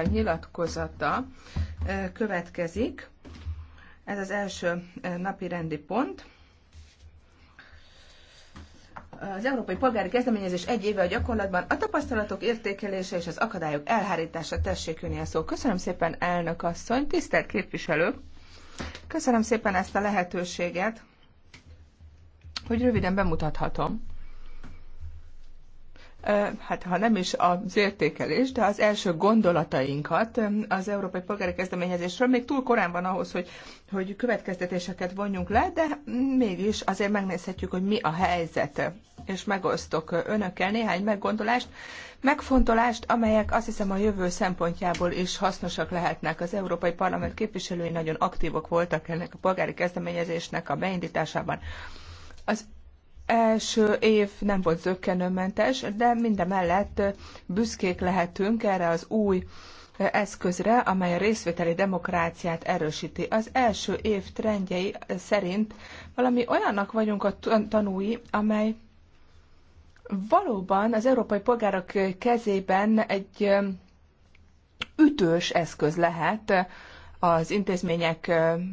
nyilatkozata következik. Ez az első napi rendi pont. Az Európai Polgári Kezdeményezés egy éve a gyakorlatban a tapasztalatok értékelése és az akadályok elhárítása tessék a szó. Köszönöm szépen, elnök asszony, tisztelt képviselők! Köszönöm szépen ezt a lehetőséget, hogy röviden bemutathatom hát ha nem is az értékelés, de az első gondolatainkat az Európai Polgári Kezdeményezésről. Még túl korán van ahhoz, hogy, hogy következtetéseket vonjunk le, de mégis azért megnézhetjük, hogy mi a helyzet. És megosztok önökkel néhány meggondolást, megfontolást, amelyek azt hiszem a jövő szempontjából is hasznosak lehetnek. Az Európai Parlament képviselői nagyon aktívok voltak ennek a polgári kezdeményezésnek a beindításában. Az első év nem volt zöggenőmentes, de mindemellett büszkék lehetünk erre az új eszközre, amely a részvételi demokráciát erősíti. Az első év trendjei szerint valami olyannak vagyunk a tanúi, amely valóban az európai polgárok kezében egy um, ütős eszköz lehet az intézményekkel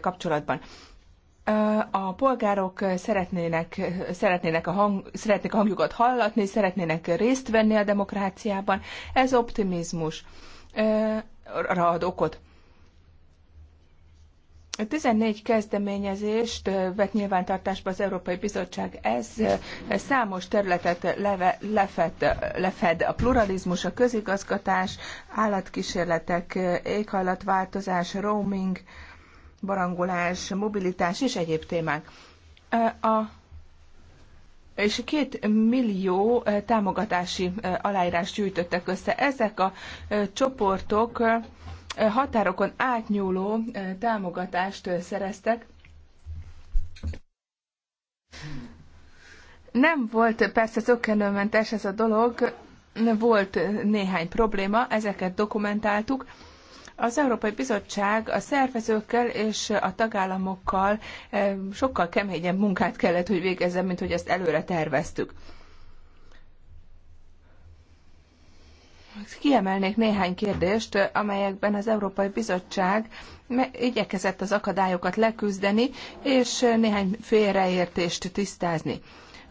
kapcsolatban a polgárok szeretnének, szeretnének a hang, szeretnék a hangjukat hallatni, szeretnének részt venni a demokráciában. Ez optimizmus ad okot. 14 kezdeményezést vett nyilvántartásba az Európai Bizottság. Ez számos területet leve, lefed, lefed a pluralizmus, a közigazgatás, állatkísérletek, éghajlatváltozás, roaming, barangolás, mobilitás és egyéb témák. A és két millió támogatási aláírást gyűjtöttek össze. Ezek a csoportok határokon átnyúló támogatást szereztek. Nem volt persze zöggenőmentes ez a dolog, volt néhány probléma, ezeket dokumentáltuk, az Európai Bizottság a szervezőkkel és a tagállamokkal eh, sokkal keményebb munkát kellett, hogy végezzen, mint hogy ezt előre terveztük. Kiemelnék néhány kérdést, amelyekben az Európai Bizottság igyekezett az akadályokat leküzdeni, és néhány félreértést tisztázni.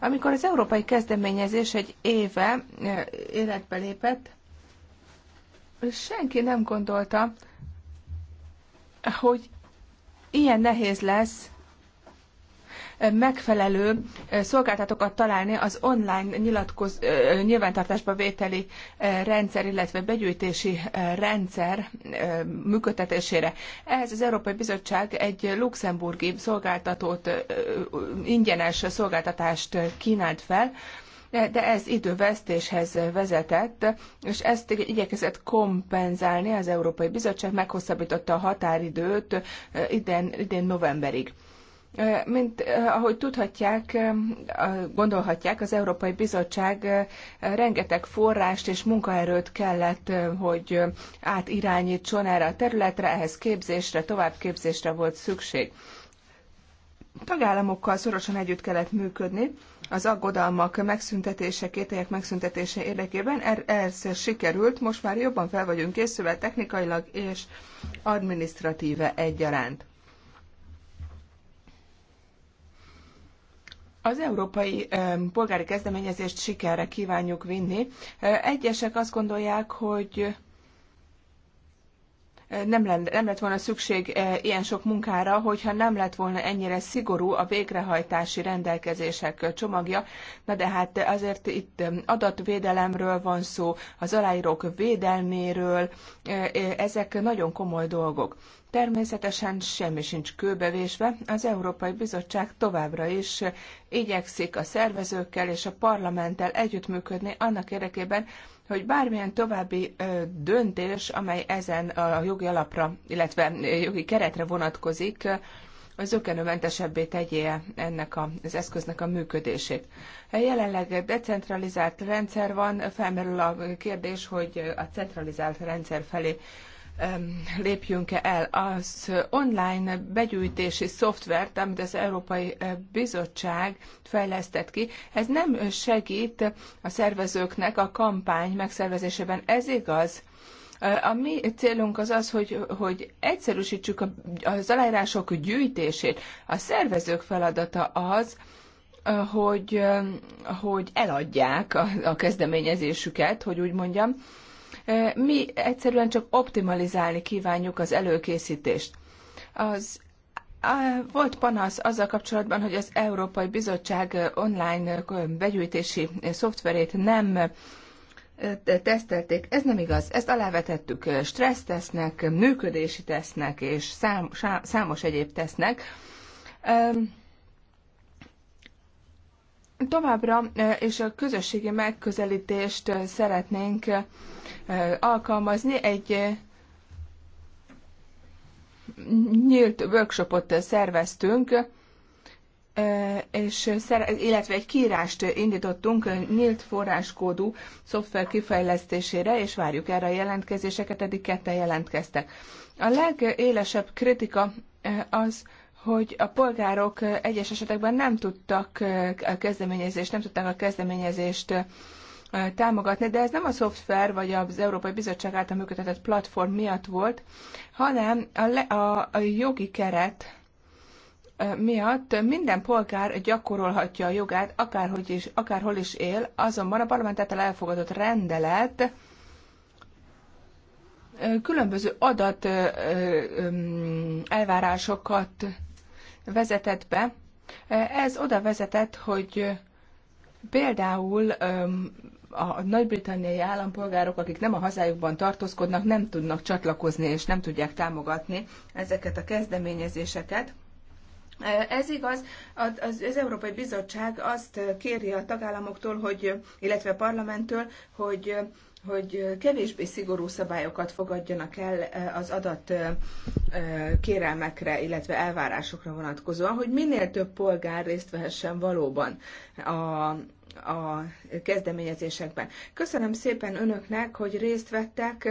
Amikor az európai kezdeményezés egy éve eh, életbe lépett, senki nem gondolta, hogy ilyen nehéz lesz eh, megfelelő eh, szolgáltatókat találni az online nyilatkoz, eh, nyilvántartásba vételi rendszer, illetve begyűjtési rendszer működtetésére. Ehhez az Európai Bizottság egy luxemburgi szolgáltatót, ingyenes szolgáltatást kínált fel, de ez idővesztéshez vezetett, és ezt igyekezett kompenzálni az Európai Bizottság, meghosszabbította a határidőt idén, idén novemberig. Mint ahogy tudhatják, gondolhatják, az Európai Bizottság rengeteg forrást és munkaerőt kellett, hogy átirányítson erre a területre, ehhez képzésre, továbbképzésre volt szükség. Tagállamokkal szorosan együtt kellett működni, az aggodalmak megszüntetése, kételyek megszüntetése érdekében. Er, ez sikerült, most már jobban fel vagyunk készülve technikailag és administratíve egyaránt. Az európai polgári kezdeményezést sikerre kívánjuk vinni. Egyesek azt gondolják, hogy nem, lett, nem lett volna szükség e, ilyen sok munkára, hogyha nem lett volna ennyire szigorú a végrehajtási rendelkezések csomagja. Na de hát azért itt adatvédelemről van szó, az aláírók védelméről, e, e, ezek nagyon komoly dolgok. Természetesen semmi sincs kőbevésve, az Európai Bizottság továbbra is igyekszik a szervezőkkel és a parlamenttel együttműködni annak érdekében, hogy bármilyen további döntés, amely ezen a jogi alapra, illetve jogi keretre vonatkozik, az zökenőmentesebbé tegye ennek az eszköznek a működését. Jelenleg decentralizált rendszer van, felmerül a kérdés, hogy a centralizált rendszer felé lépjünk el. Az online begyűjtési szoftvert, amit az Európai eh, Bizottság fejlesztett ki, ez nem segít a szervezőknek a kampány megszervezésében. Ez igaz? Eh, a mi célunk az az, hogy, hogy egyszerűsítsük az aláírások gyűjtését. A szervezők feladata az, eh, hogy, hogy eladják a, a kezdeményezésüket, hogy úgy mondjam, mi egyszerűen csak optimalizálni kívánjuk az előkészítést. Az volt panasz azzal kapcsolatban, hogy az Európai Bizottság online begyűjtési szoftverét nem tesztelték. Ez nem igaz. Ezt alávetettük stressztesznek, működési tesznek és számos egyéb tesznek. Továbbra, és a közösségi megközelítést szeretnénk alkalmazni. Egy nyílt workshopot szerveztünk, és illetve egy kiírást indítottunk nyílt forráskódú szoftver kifejlesztésére, és várjuk erre a jelentkezéseket, eddig ketten jelentkeztek. A legélesebb kritika az, hogy a polgárok egyes esetekben nem tudtak a kezdeményezést, nem tudták a kezdeményezést támogatni, de ez nem a szoftver vagy az Európai Bizottság által működtetett platform miatt volt, hanem a, le, a, a jogi keret miatt minden polgár gyakorolhatja a jogát, akárhogy is, akárhol is él, azonban a parlament által elfogadott rendelet különböző adat elvárásokat vezetett be. Ez oda vezetett, hogy például a nagy-britanniai állampolgárok, akik nem a hazájukban tartózkodnak, nem tudnak csatlakozni és nem tudják támogatni ezeket a kezdeményezéseket. E, ez igaz, az, az Európai Bizottság azt kéri a tagállamoktól, hogy, illetve a parlamenttől, hogy hogy kevésbé szigorú szabályokat fogadjanak el e, az adat e, kérelmekre, illetve elvárásokra vonatkozóan, hogy minél több polgár részt vehessen valóban a a kezdeményezésekben. Köszönöm szépen önöknek, hogy részt vettek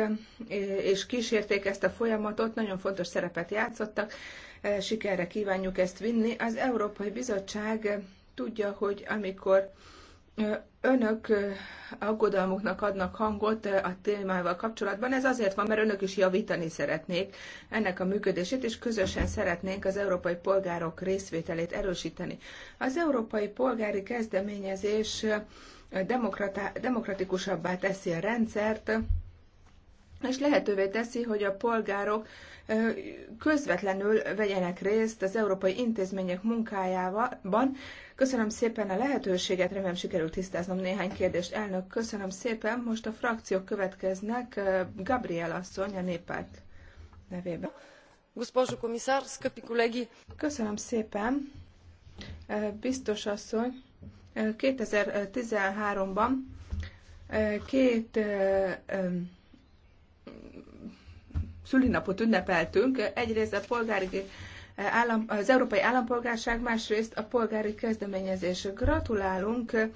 és kísérték ezt a folyamatot, nagyon fontos szerepet játszottak, sikerre kívánjuk ezt vinni. Az Európai Bizottság tudja, hogy amikor önök aggodalmuknak adnak hangot a témával kapcsolatban. Ez azért van, mert önök is javítani szeretnék ennek a működését, és közösen szeretnénk az európai polgárok részvételét erősíteni. Az európai polgári kezdeményezés demokratikusabbá teszi a rendszert, és lehetővé teszi, hogy a polgárok közvetlenül vegyenek részt az európai intézmények munkájában, Köszönöm szépen a lehetőséget, remélem sikerült tisztáznom néhány kérdést. Elnök, köszönöm szépen. Most a frakciók következnek. Gabriel asszony a néppárt nevében. Köszönöm szépen. Biztos asszony, 2013-ban két szülinapot ünnepeltünk. Egyrészt a polgári állam, az európai állampolgárság, másrészt a polgári kezdeményezés. Gratulálunk eh,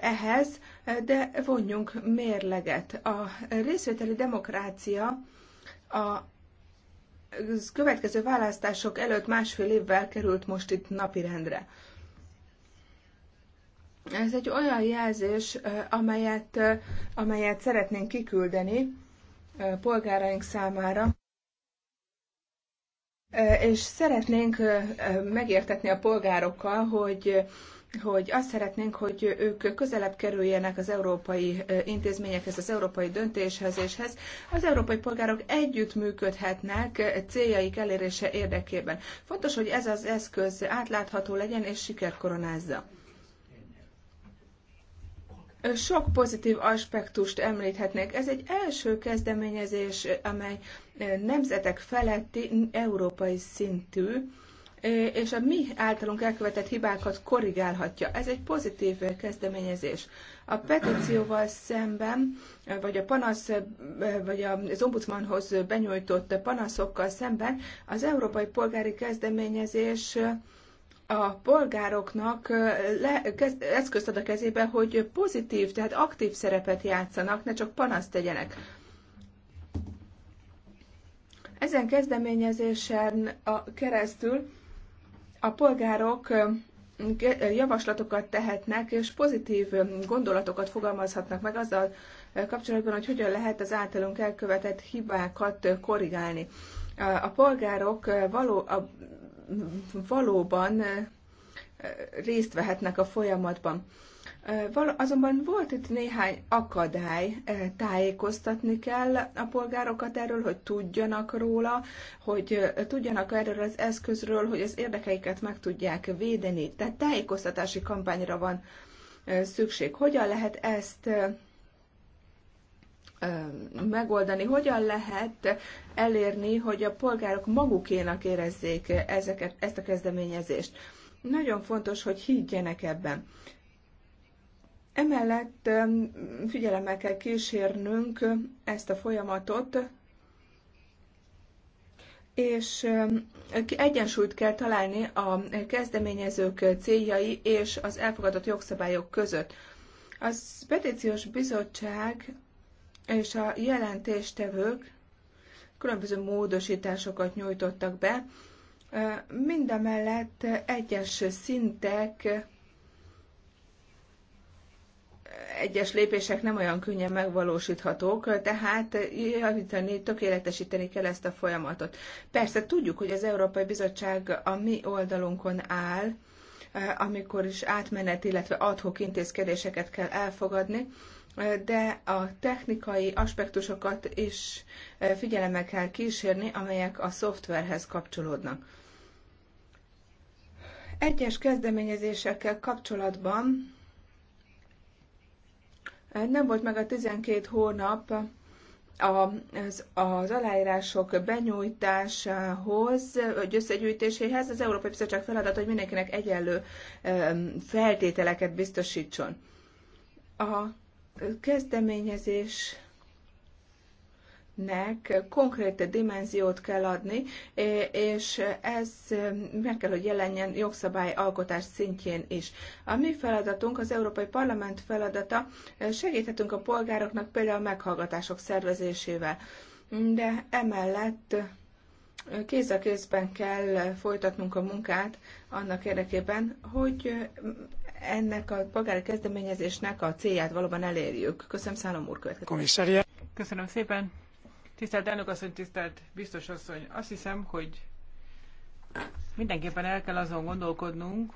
ehhez, eh, de vonjunk mérleget. A részvételi demokrácia a következő választások előtt másfél évvel került most itt napirendre. Ez egy olyan jelzés, eh, amelyet, amelyet szeretnénk kiküldeni polgáraink számára és szeretnénk megértetni a polgárokkal, hogy hogy azt szeretnénk, hogy ők közelebb kerüljenek az európai intézményekhez, az európai döntéshez és Az európai polgárok együttműködhetnek céljaik elérése érdekében. Fontos, hogy ez az eszköz átlátható legyen és sikerkoronázza. Sok pozitív aspektust említhetnék. Ez egy első kezdeményezés, amely nemzetek feletti európai szintű és a mi általunk elkövetett hibákat korrigálhatja. Ez egy pozitív kezdeményezés. A petícióval szemben, vagy a panasz, vagy az ombudsmanhoz benyújtott panaszokkal szemben az európai polgári kezdeményezés a polgároknak le, kez, eszközt ad a kezébe, hogy pozitív, tehát aktív szerepet játszanak, ne csak panaszt tegyenek. Ezen kezdeményezésen a keresztül a polgárok javaslatokat tehetnek, és pozitív gondolatokat fogalmazhatnak meg azzal kapcsolatban, hogy hogyan lehet az általunk elkövetett hibákat korrigálni. A polgárok való, a, valóban részt vehetnek a folyamatban. Azonban volt itt néhány akadály, tájékoztatni kell a polgárokat erről, hogy tudjanak róla, hogy tudjanak erről az eszközről, hogy az érdekeiket meg tudják védeni. Tehát tájékoztatási kampányra van szükség. Hogyan lehet ezt megoldani, hogyan lehet elérni, hogy a polgárok magukénak érezzék ezeket, ezt a kezdeményezést. Nagyon fontos, hogy higgyenek ebben. Emellett figyelemmel kell kísérnünk ezt a folyamatot, és egyensúlyt kell találni a kezdeményezők céljai és az elfogadott jogszabályok között. Az petíciós bizottság és a jelentéstevők különböző módosításokat nyújtottak be, mindemellett egyes szintek egyes lépések nem olyan könnyen megvalósíthatók, tehát javítani, tökéletesíteni kell ezt a folyamatot. Persze tudjuk, hogy az Európai Bizottság a mi oldalunkon áll, amikor is átmenet, illetve adhok intézkedéseket kell elfogadni, de a technikai aspektusokat is figyelemmel kell kísérni, amelyek a szoftverhez kapcsolódnak. Egyes kezdeményezésekkel kapcsolatban nem volt meg a 12 hónap az, az aláírások benyújtásához, vagy összegyűjtéséhez. Az Európai Bizottság feladat, hogy mindenkinek egyenlő feltételeket biztosítson. A kezdeményezés nek konkrét dimenziót kell adni, és ez meg kell, hogy jelenjen jogszabály alkotás szintjén is. A mi feladatunk, az Európai Parlament feladata, segíthetünk a polgároknak például meghallgatások szervezésével, de emellett kéz a kézben kell folytatnunk a munkát annak érdekében, hogy ennek a polgári kezdeményezésnek a célját valóban elérjük. Köszönöm, Szállom úr, következő. Köszönöm szépen. Tisztelt elnök asszony, tisztelt biztos asszony, azt hiszem, hogy mindenképpen el kell azon gondolkodnunk,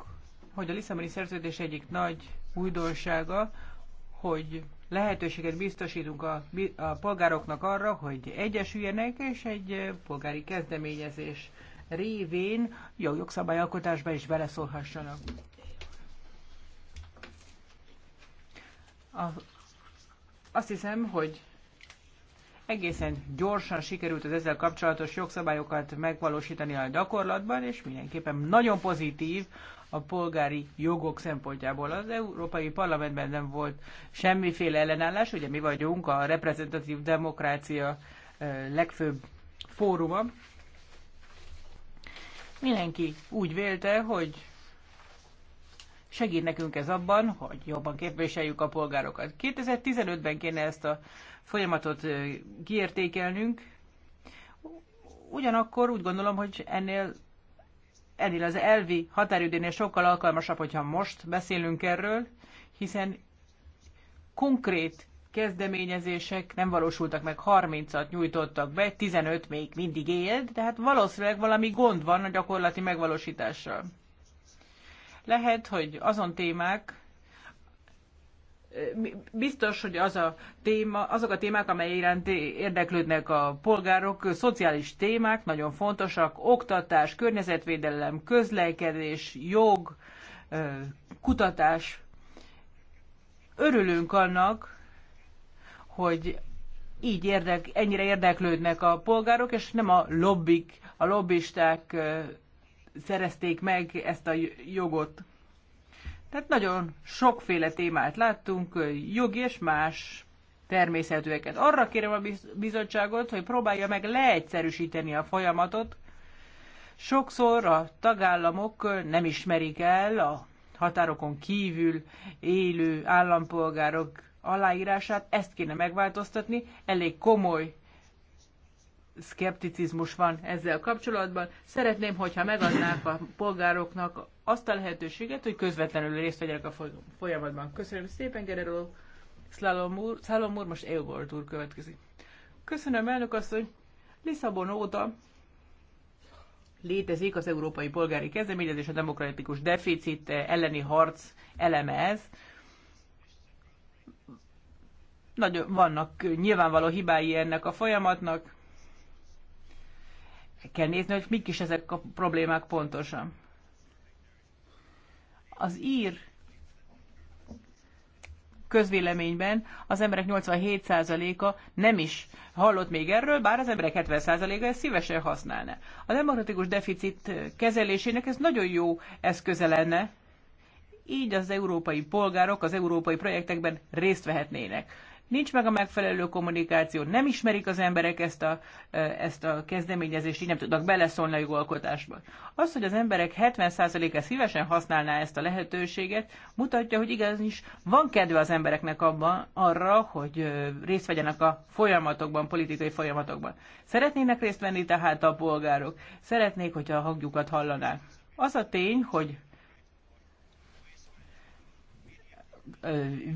hogy a Lisszaboni szerződés egyik nagy újdonsága, hogy lehetőséget biztosítunk a, a polgároknak arra, hogy egyesüljenek, és egy polgári kezdeményezés révén jó jogszabályalkotásba is beleszólhassanak. A, azt hiszem, hogy Egészen gyorsan sikerült az ezzel kapcsolatos jogszabályokat megvalósítani a gyakorlatban, és mindenképpen nagyon pozitív a polgári jogok szempontjából. Az Európai Parlamentben nem volt semmiféle ellenállás, ugye mi vagyunk a reprezentatív demokrácia legfőbb fóruma. Mindenki úgy vélte, hogy Segít nekünk ez abban, hogy jobban képviseljük a polgárokat. 2015-ben kéne ezt a folyamatot kiértékelnünk. Ugyanakkor úgy gondolom, hogy ennél ennél az elvi határidőnél sokkal alkalmasabb, hogyha most beszélünk erről, hiszen konkrét kezdeményezések nem valósultak meg, 30-at nyújtottak be, 15 még mindig élt, tehát valószínűleg valami gond van a gyakorlati megvalósítással. Lehet, hogy azon témák, biztos, hogy az a téma, azok a témák, amely iránt érdeklődnek a polgárok, szociális témák nagyon fontosak, oktatás, környezetvédelem, közlekedés, jog, kutatás. Örülünk annak, hogy így érdek, ennyire érdeklődnek a polgárok, és nem a lobbik, a lobbisták szerezték meg ezt a jogot. Tehát nagyon sokféle témát láttunk, jogi és más természetűeket. Arra kérem a bizottságot, hogy próbálja meg leegyszerűsíteni a folyamatot. Sokszor a tagállamok nem ismerik el a határokon kívül élő állampolgárok aláírását, ezt kéne megváltoztatni. Elég komoly szkepticizmus van ezzel kapcsolatban. Szeretném, hogyha megadnák a polgároknak azt a lehetőséget, hogy közvetlenül részt vegyenek a folyamatban. Köszönöm szépen, Gerero Szalom úr, Szalom úr, most Eugold úr következik. Köszönöm, elnök asszony. Lisszabon óta létezik az európai polgári kezdeményezés, a demokratikus deficit elleni harc eleme ez. Nagyon vannak nyilvánvaló hibái ennek a folyamatnak, kell nézni, hogy mik is ezek a problémák pontosan. Az ír közvéleményben az emberek 87%-a nem is hallott még erről, bár az emberek 70%-a ezt szívesen használna. A demokratikus deficit kezelésének ez nagyon jó eszköze lenne, így az európai polgárok az európai projektekben részt vehetnének nincs meg a megfelelő kommunikáció, nem ismerik az emberek ezt a, ezt a kezdeményezést, így nem tudnak beleszólni a jogalkotásba. Az, hogy az emberek 70%-a szívesen használná ezt a lehetőséget, mutatja, hogy igaz is van kedve az embereknek abban arra, hogy részt vegyenek a folyamatokban, politikai folyamatokban. Szeretnének részt venni tehát a polgárok, szeretnék, hogyha a hangjukat hallanák. Az a tény, hogy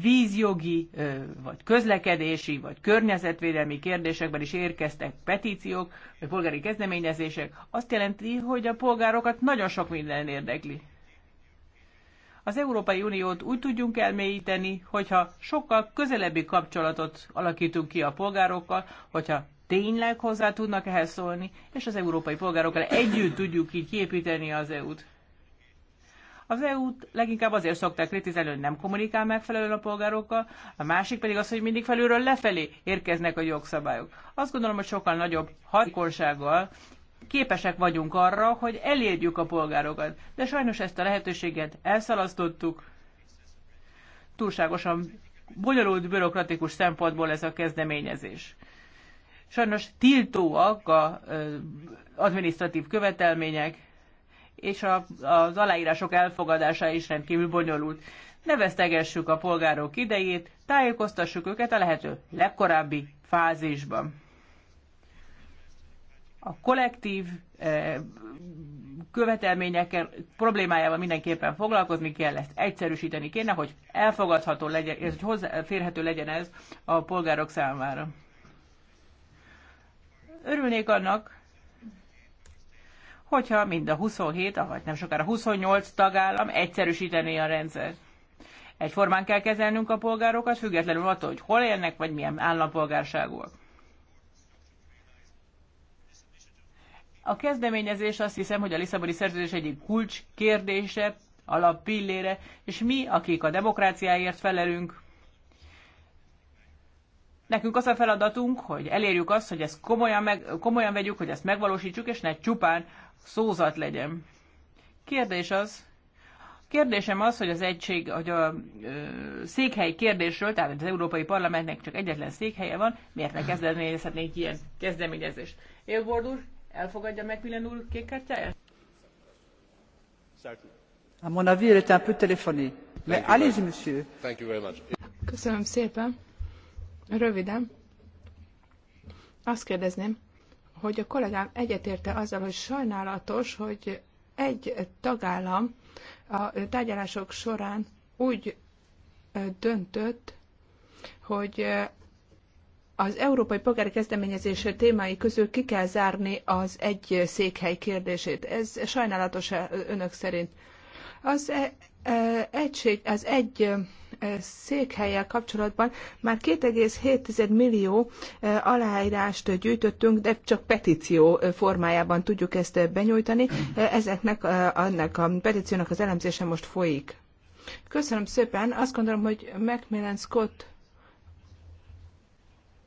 vízjogi, vagy közlekedési, vagy környezetvédelmi kérdésekben is érkeztek petíciók, vagy polgári kezdeményezések, azt jelenti, hogy a polgárokat nagyon sok minden érdekli. Az Európai Uniót úgy tudjunk elmélyíteni, hogyha sokkal közelebbi kapcsolatot alakítunk ki a polgárokkal, hogyha tényleg hozzá tudnak ehhez szólni, és az európai polgárokkal együtt tudjuk így kiépíteni az EU-t. Az EU-t leginkább azért szokták kritizálni, hogy nem kommunikál megfelelően a polgárokkal, a másik pedig az, hogy mindig felülről lefelé érkeznek a jogszabályok. Azt gondolom, hogy sokkal nagyobb hatékonysággal képesek vagyunk arra, hogy elérjük a polgárokat. De sajnos ezt a lehetőséget elszalasztottuk. Túlságosan bonyolult bürokratikus szempontból ez a kezdeményezés. Sajnos tiltóak az adminisztratív követelmények, és a, az aláírások elfogadása is rendkívül bonyolult. Ne vesztegessük a polgárok idejét, tájékoztassuk őket a lehető legkorábbi fázisban. A kollektív eh, követelményekkel problémájával mindenképpen foglalkozni kell, ezt egyszerűsíteni kéne, hogy elfogadható legyen, és hogy hozzáférhető legyen ez a polgárok számára. Örülnék annak, hogyha mind a 27, vagy nem sokára 28 tagállam egyszerűsítené a rendszert. Egyformán kell kezelnünk a polgárokat, függetlenül attól, hogy hol élnek, vagy milyen állampolgárságúak. A kezdeményezés azt hiszem, hogy a Lisszaboni szerződés egyik kulcs kérdése, alappillére, és mi, akik a demokráciáért felelünk, nekünk az a feladatunk, hogy elérjük azt, hogy ezt komolyan, meg, komolyan vegyük, hogy ezt megvalósítsuk, és ne csupán szózat legyen. Kérdés az, kérdésem az, hogy az egység, hogy a ö, székhely kérdésről, tehát az Európai Parlamentnek csak egyetlen székhelye van, miért ne kezdeményezhetnénk ilyen kezdeményezést? Élbord úr, elfogadja meg Millen úr kék kártyáját? A mon avis, elle est un peu téléphonée. Mais allez-y, monsieur. Thank you very much. Köszönöm szépen. Röviden. Azt kérdezném, hogy a kollégám egyetérte azzal, hogy sajnálatos, hogy egy tagállam a tárgyalások során úgy döntött, hogy az európai polgári kezdeményezés témái közül ki kell zárni az egy székhely kérdését. Ez sajnálatos önök szerint. Az e, e, egység, az egy székhelyel kapcsolatban már 2,7 millió aláírást gyűjtöttünk, de csak petíció formájában tudjuk ezt benyújtani. Ezeknek annak a petíciónak az elemzése most folyik. Köszönöm szépen. Azt gondolom, hogy Macmillan Scott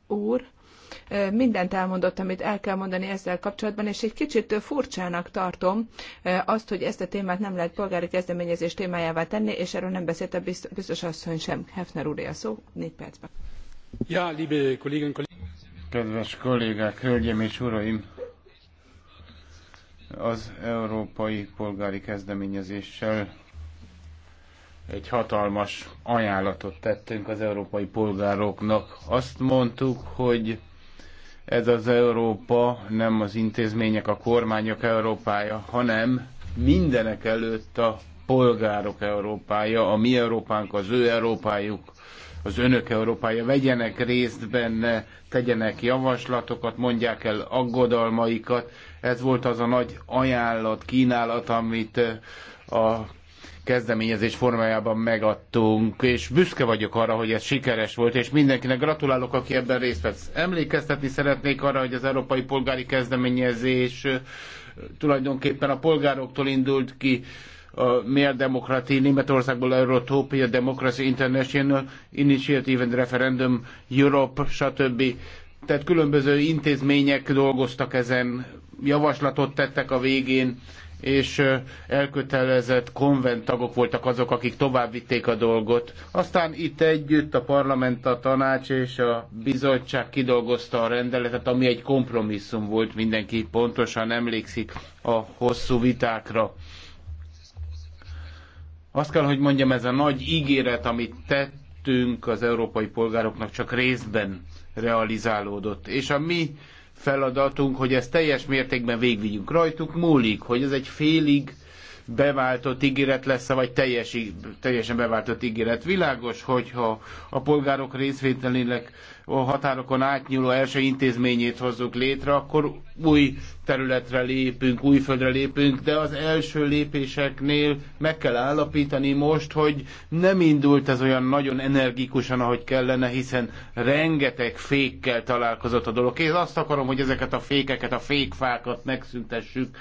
úr mindent elmondott, amit el kell mondani ezzel kapcsolatban, és egy kicsit furcsának tartom azt, hogy ezt a témát nem lehet polgári kezdeményezés témájává tenni, és erről nem beszélt a biztos asszony sem. Hefner úr, a szó, négy percben. Ja, liebe Kolleginnen Kedves kollégák, hölgyeim és uraim! Az európai polgári kezdeményezéssel egy hatalmas ajánlatot tettünk az európai polgároknak. Azt mondtuk, hogy ez az Európa nem az intézmények, a kormányok Európája, hanem mindenek előtt a polgárok Európája, a mi Európánk, az ő Európájuk, az önök Európája. Vegyenek részt benne, tegyenek javaslatokat, mondják el aggodalmaikat. Ez volt az a nagy ajánlat, kínálat, amit a kezdeményezés formájában megadtunk, és büszke vagyok arra, hogy ez sikeres volt, és mindenkinek gratulálok, aki ebben részt vett. Emlékeztetni szeretnék arra, hogy az Európai Polgári Kezdeményezés tulajdonképpen a polgároktól indult ki, a Mér Demokrati Németországból Eurotopia Democracy International Initiative and Referendum Europe, stb. Tehát különböző intézmények dolgoztak ezen, javaslatot tettek a végén, és elkötelezett konvent tagok voltak azok, akik továbbvitték a dolgot. Aztán itt együtt a parlament, a tanács és a bizottság kidolgozta a rendeletet, ami egy kompromisszum volt, mindenki pontosan emlékszik a hosszú vitákra. Azt kell, hogy mondjam, ez a nagy ígéret, amit tettünk az európai polgároknak, csak részben realizálódott. És a mi feladatunk, hogy ezt teljes mértékben végvigyünk rajtuk, múlik, hogy ez egy félig beváltott ígéret lesz, vagy teljes, teljesen beváltott ígéret. Világos, hogyha a polgárok részvételének a határokon átnyúló első intézményét hozzuk létre, akkor új területre lépünk, új földre lépünk, de az első lépéseknél meg kell állapítani most, hogy nem indult ez olyan nagyon energikusan, ahogy kellene, hiszen rengeteg fékkel találkozott a dolog. Én azt akarom, hogy ezeket a fékeket, a fékfákat megszüntessük,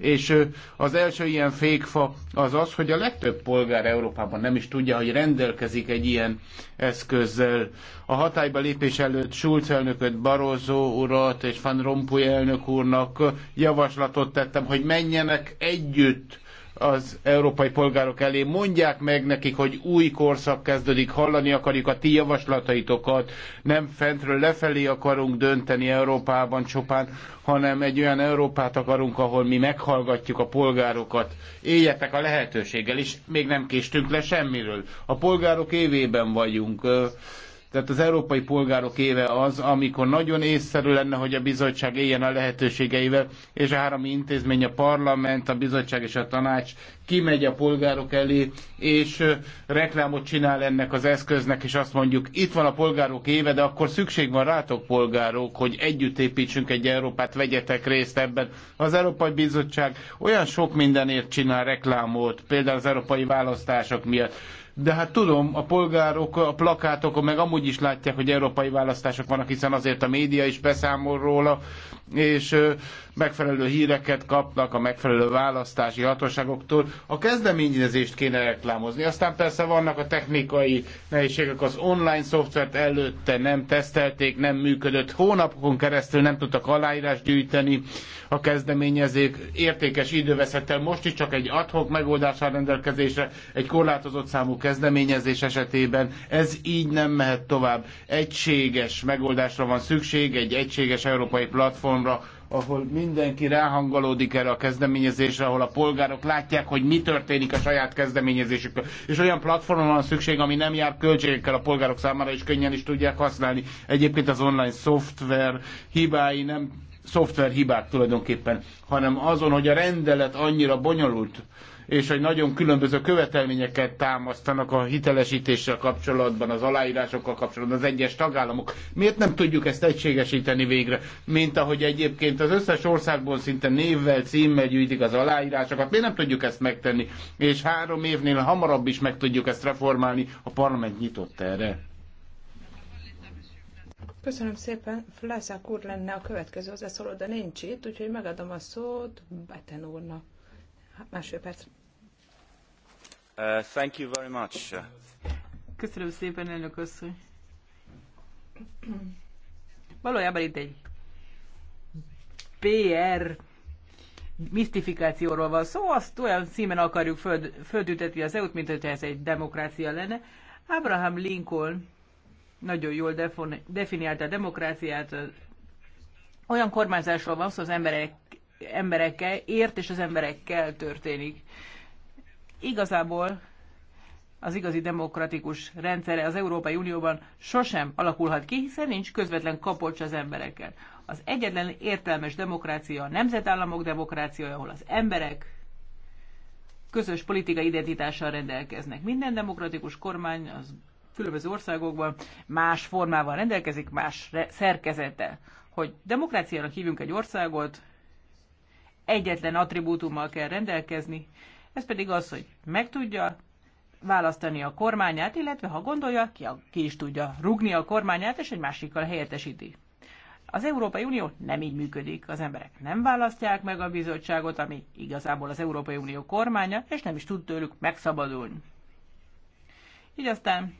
és az első ilyen fékfa az az, hogy a legtöbb polgár Európában nem is tudja, hogy rendelkezik egy ilyen eszközzel. A hatályba lépés előtt Schulz elnököt, Barroso urat és Van Rompuy elnök úrnak javaslatot tettem, hogy menjenek együtt az európai polgárok elé. Mondják meg nekik, hogy új korszak kezdődik, hallani akarjuk a ti javaslataitokat, nem fentről lefelé akarunk dönteni Európában csupán, hanem egy olyan Európát akarunk, ahol mi meghallgatjuk a polgárokat. Éljetek a lehetőséggel, és még nem késtünk le semmiről. A polgárok évében vagyunk. Tehát az Európai Polgárok éve az, amikor nagyon észszerű lenne, hogy a bizottság éljen a lehetőségeivel, és a három intézmény, a parlament, a bizottság és a tanács kimegy a polgárok elé, és reklámot csinál ennek az eszköznek, és azt mondjuk, itt van a polgárok éve, de akkor szükség van rátok polgárok, hogy együtt építsünk egy Európát, vegyetek részt ebben. Az Európai Bizottság olyan sok mindenért csinál reklámot, például az európai választások miatt de hát tudom, a polgárok a plakátokon meg amúgy is látják, hogy európai választások vannak, hiszen azért a média is beszámol róla, és megfelelő híreket kapnak a megfelelő választási hatóságoktól. A kezdeményezést kéne reklámozni. Aztán persze vannak a technikai nehézségek, az online szoftvert előtte nem tesztelték, nem működött, hónapokon keresztül nem tudtak aláírás gyűjteni a kezdeményezők, értékes időveszettel most is csak egy adhok megoldás rendelkezésre, egy korlátozott számú kezdeményezés esetében. Ez így nem mehet tovább. Egységes megoldásra van szükség, egy egységes európai platformra, ahol mindenki ráhangolódik erre a kezdeményezésre, ahol a polgárok látják, hogy mi történik a saját kezdeményezésükkel. És olyan platformon van szükség, ami nem jár költségekkel a polgárok számára, és könnyen is tudják használni. Egyébként az online szoftver hibái nem szoftver hibák tulajdonképpen, hanem azon, hogy a rendelet annyira bonyolult, és hogy nagyon különböző követelményeket támasztanak a hitelesítéssel kapcsolatban, az aláírásokkal kapcsolatban az egyes tagállamok. Miért nem tudjuk ezt egységesíteni végre? Mint ahogy egyébként az összes országból szinte névvel, címmel gyűjtik az aláírásokat. Miért nem tudjuk ezt megtenni? És három évnél hamarabb is meg tudjuk ezt reformálni. A parlament nyitott erre. Köszönöm szépen. Flászák úr lenne a következő hozzászóló, de nincs itt, úgyhogy megadom a szót Beten úrnak. Hát, másfél perc. Uh, thank you very much. Köszönöm szépen, elnök asszony. Valójában itt egy PR misztifikációról van szó, azt olyan címen akarjuk föld, földütetni az EU-t, mint hogy ez egy demokrácia lenne. Abraham Lincoln nagyon jól definiálta a demokráciát, olyan kormányzásról van szó, az emberek, emberekkel ért és az emberekkel történik. Igazából az igazi demokratikus rendszere az Európai Unióban sosem alakulhat ki, hiszen nincs közvetlen kapocs az emberekkel. Az egyetlen értelmes demokrácia a nemzetállamok demokráciája, ahol az emberek közös politikai identitással rendelkeznek. Minden demokratikus kormány az különböző országokban más formával rendelkezik, más szerkezete. Hogy demokráciának hívjunk egy országot, egyetlen attribútummal kell rendelkezni, ez pedig az, hogy meg tudja választani a kormányát, illetve ha gondolja, ki, a, ki is tudja rugni a kormányát, és egy másikkal helyettesíti. Az Európai Unió nem így működik. Az emberek nem választják meg a bizottságot, ami igazából az Európai Unió kormánya, és nem is tud tőlük megszabadulni. Így aztán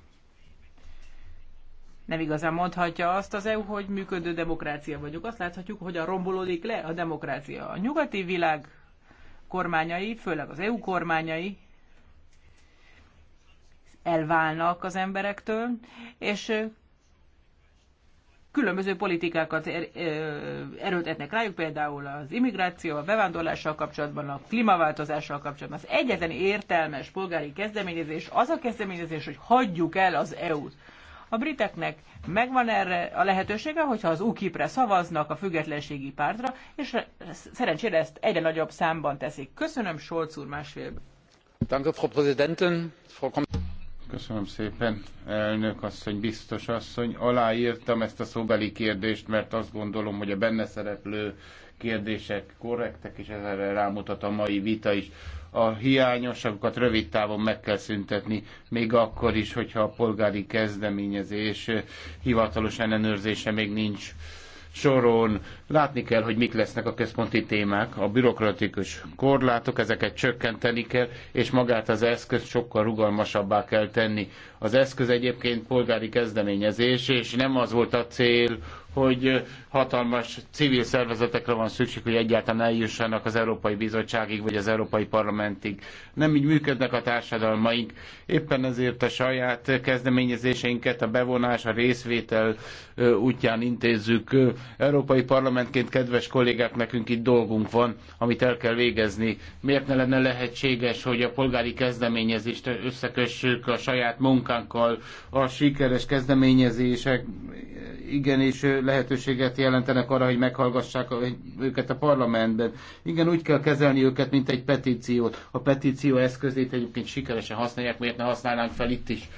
nem igazán mondhatja azt az EU, hogy működő demokrácia vagyunk. Azt láthatjuk, hogy a rombolódik le a demokrácia. A nyugati világ kormányai, főleg az EU kormányai elválnak az emberektől, és különböző politikákat erőltetnek rájuk, például az immigráció, a bevándorlással kapcsolatban, a klímaváltozással kapcsolatban. Az egyetlen értelmes polgári kezdeményezés az a kezdeményezés, hogy hagyjuk el az EU-t. A briteknek megvan erre a lehetősége, hogyha az UKIP-re szavaznak a függetlenségi pártra, és szerencsére ezt egyre nagyobb számban teszik. Köszönöm, Solc úr, másfél. Danke, Frau Präsidentin, Köszönöm szépen, elnök asszony, biztos asszony. Aláírtam ezt a szóbeli kérdést, mert azt gondolom, hogy a benne szereplő kérdések korrektek, és ezzel rámutat a mai vita is. A hiányosságokat rövid távon meg kell szüntetni, még akkor is, hogyha a polgári kezdeményezés eh, hivatalos ellenőrzése még nincs soron látni kell, hogy mik lesznek a központi témák, a bürokratikus korlátok, ezeket csökkenteni kell, és magát az eszköz sokkal rugalmasabbá kell tenni. Az eszköz egyébként polgári kezdeményezés, és nem az volt a cél, hogy hatalmas civil szervezetekre van szükség, hogy egyáltalán eljussanak az Európai Bizottságig vagy az Európai Parlamentig. Nem így működnek a társadalmaink. Éppen ezért a saját kezdeményezéseinket, a bevonás, a részvétel útján intézzük. Európai Parlamentként, kedves kollégák, nekünk itt dolgunk van, amit el kell végezni. Miért ne lenne lehetséges, hogy a polgári kezdeményezést összekössük a saját munkánkkal, a sikeres kezdeményezések, igen és lehetőséget jelentenek arra, hogy meghallgassák őket a parlamentben. Igen, úgy kell kezelni őket, mint egy petíciót. A petíció eszközét egyébként sikeresen használják, miért ne használnánk fel itt is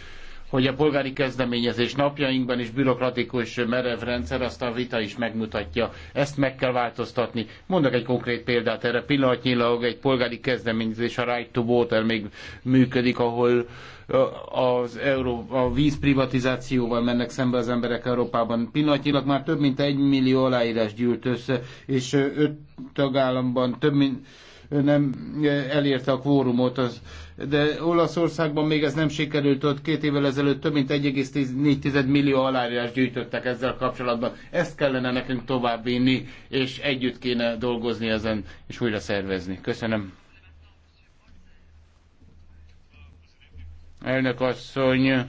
hogy a polgári kezdeményezés napjainkban is bürokratikus merev rendszer, azt a vita is megmutatja. Ezt meg kell változtatni. Mondok egy konkrét példát erre. Pillanatnyilag egy polgári kezdeményezés, a Right to Water még működik, ahol az euró, a vízprivatizációval mennek szembe az emberek Európában. Pillanatnyilag már több mint egy millió aláírás gyűlt össze, és öt tagállamban több mint nem elérte a kvórumot, az, de Olaszországban még ez nem sikerült, ott két évvel ezelőtt több mint 1,4 millió aláírás gyűjtöttek ezzel kapcsolatban. Ezt kellene nekünk továbbvinni, és együtt kéne dolgozni ezen, és újra szervezni. Köszönöm. Elnök asszony,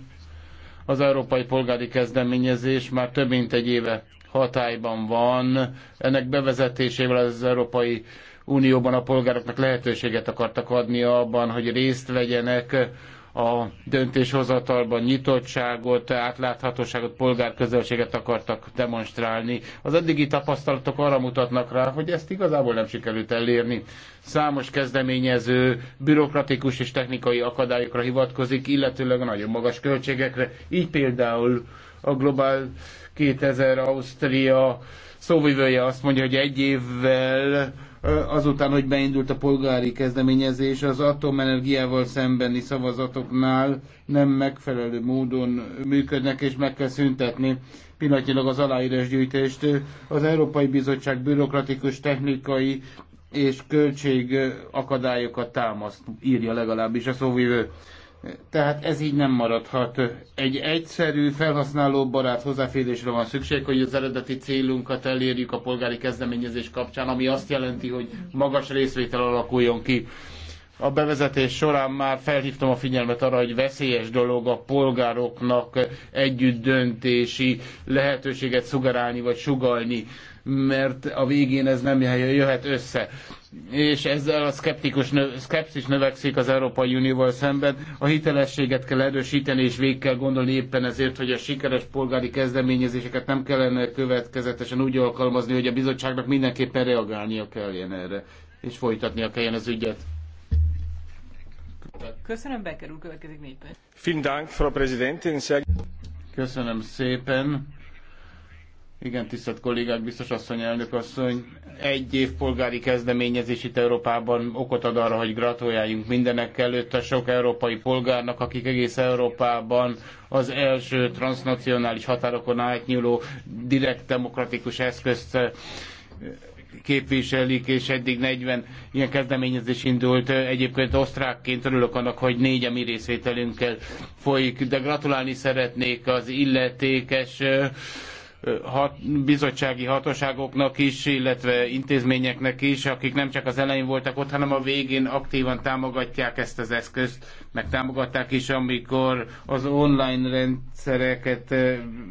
az Európai Polgári Kezdeményezés már több mint egy éve hatályban van. Ennek bevezetésével az Európai Unióban a polgároknak lehetőséget akartak adni abban, hogy részt vegyenek a döntéshozatalban nyitottságot, átláthatóságot, polgárközösséget akartak demonstrálni. Az eddigi tapasztalatok arra mutatnak rá, hogy ezt igazából nem sikerült elérni. Számos kezdeményező bürokratikus és technikai akadályokra hivatkozik, illetőleg a nagyon magas költségekre. Így például a Global 2000 Ausztria szóvivője azt mondja, hogy egy évvel azután, hogy beindult a polgári kezdeményezés, az atomenergiával szembeni szavazatoknál nem megfelelő módon működnek, és meg kell szüntetni pillanatnyilag az gyűjtést. Az Európai Bizottság bürokratikus technikai és költség akadályokat támaszt, írja legalábbis a szóvivő. Tehát ez így nem maradhat. Egy egyszerű, felhasználó barát hozzáférésre van szükség, hogy az eredeti célunkat elérjük a polgári kezdeményezés kapcsán, ami azt jelenti, hogy magas részvétel alakuljon ki. A bevezetés során már felhívtam a figyelmet arra, hogy veszélyes dolog a polgároknak együtt döntési lehetőséget szugerálni vagy sugalni mert a végén ez nem jöhet össze. És ezzel a szkeptikus nö, szkepszis növekszik az Európai Unióval szemben. A hitelességet kell erősíteni, és végig kell gondolni éppen ezért, hogy a sikeres polgári kezdeményezéseket nem kellene következetesen úgy alkalmazni, hogy a bizottságnak mindenképpen reagálnia kelljen erre, és folytatnia kelljen az ügyet. Köszönöm, Becker úr, következik négy perc. Köszönöm szépen. Igen, tisztelt kollégák, biztos asszony, elnök asszony. Egy év polgári kezdeményezés itt Európában okot ad arra, hogy gratuláljunk mindenek előtt a sok európai polgárnak, akik egész Európában az első transnacionális határokon átnyúló direkt demokratikus eszközt eh, képviselik, és eddig 40 ilyen kezdeményezés indult. Egyébként osztrákként örülök annak, hogy négy a mi részvételünkkel folyik, de gratulálni szeretnék az illetékes eh, hat, bizottsági hatóságoknak is, illetve intézményeknek is, akik nem csak az elején voltak ott, hanem a végén aktívan támogatják ezt az eszközt, meg támogatták is, amikor az online rendszereket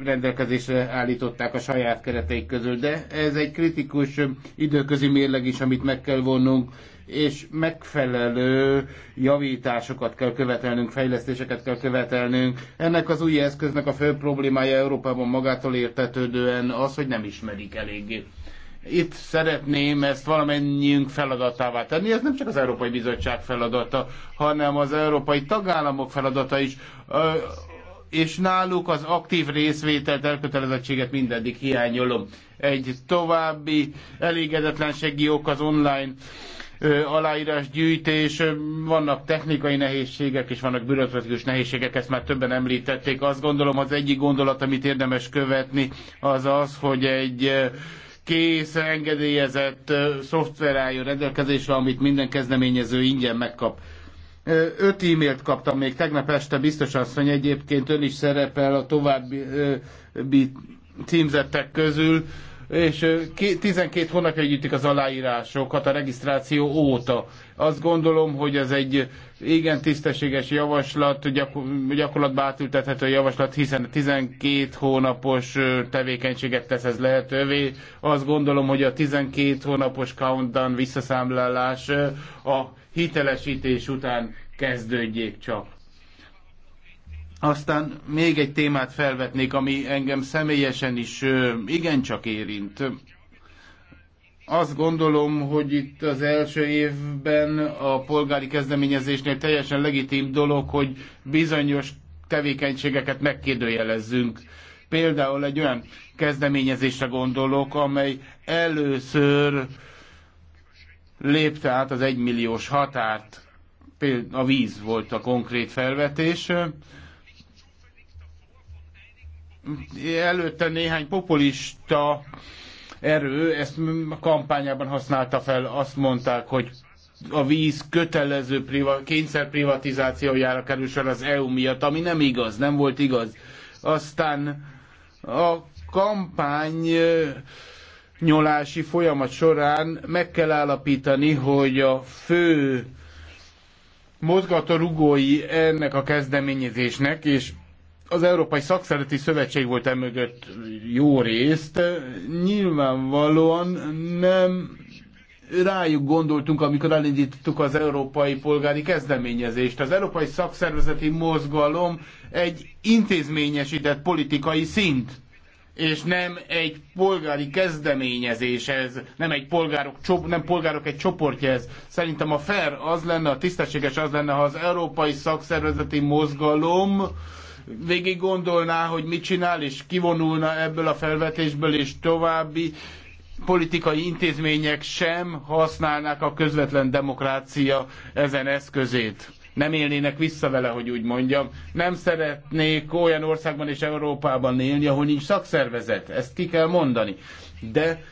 rendelkezésre állították a saját kereteik közül. De ez egy kritikus időközi mérleg is, amit meg kell vonnunk és megfelelő javításokat kell követelnünk, fejlesztéseket kell követelnünk. Ennek az új eszköznek a fő problémája Európában magától értetődően az, hogy nem ismerik eléggé itt szeretném ezt valamennyiünk feladatává tenni. Ez nem csak az Európai Bizottság feladata, hanem az európai tagállamok feladata is. És náluk az aktív részvételt, elkötelezettséget mindeddig hiányolom. Egy további elégedetlenségi ok az online aláírásgyűjtés, vannak technikai nehézségek és vannak bürokratikus nehézségek, ezt már többen említették. Azt gondolom az egyik gondolat, amit érdemes követni, az az, hogy egy kész, engedélyezett szoftver álljon rendelkezésre, amit minden kezdeményező ingyen megkap. Öt e-mailt kaptam még tegnap este, biztos hogy egyébként ön is szerepel a további címzettek közül és 12 hónapja gyűjtik az aláírásokat a regisztráció óta. Azt gondolom, hogy ez egy igen tisztességes javaslat, gyakor- gyakorlatba átültethető javaslat, hiszen 12 hónapos tevékenységet tesz ez lehetővé. Azt gondolom, hogy a 12 hónapos countdown visszaszámlálás a hitelesítés után kezdődjék csak. Aztán még egy témát felvetnék, ami engem személyesen is igencsak érint. Azt gondolom, hogy itt az első évben a polgári kezdeményezésnél teljesen legitim dolog, hogy bizonyos tevékenységeket megkérdőjelezzünk. Például egy olyan kezdeményezésre gondolok, amely először lépte át az egymilliós határt. Például a víz volt a konkrét felvetés előtte néhány populista erő ezt a kampányában használta fel, azt mondták, hogy a víz kötelező priva- kényszer privatizációjára kerül sor az EU miatt, ami nem igaz, nem volt igaz. Aztán a kampány nyolási folyamat során meg kell állapítani, hogy a fő mozgatórugói ennek a kezdeményezésnek, és az Európai Szakszereti Szövetség volt emögött jó részt. Nyilvánvalóan nem rájuk gondoltunk, amikor elindítottuk az európai polgári kezdeményezést. Az európai szakszervezeti mozgalom egy intézményesített politikai szint, és nem egy polgári kezdeményezés ez, nem egy polgárok, nem polgárok egy csoportja ez. Szerintem a fair az lenne, a tisztességes az lenne, ha az európai szakszervezeti mozgalom végig gondolná, hogy mit csinál, és kivonulna ebből a felvetésből, és további politikai intézmények sem használnák a közvetlen demokrácia ezen eszközét nem élnének vissza vele, hogy úgy mondjam. Nem szeretnék olyan országban és Európában élni, ahol nincs szakszervezet. Ezt ki kell mondani. De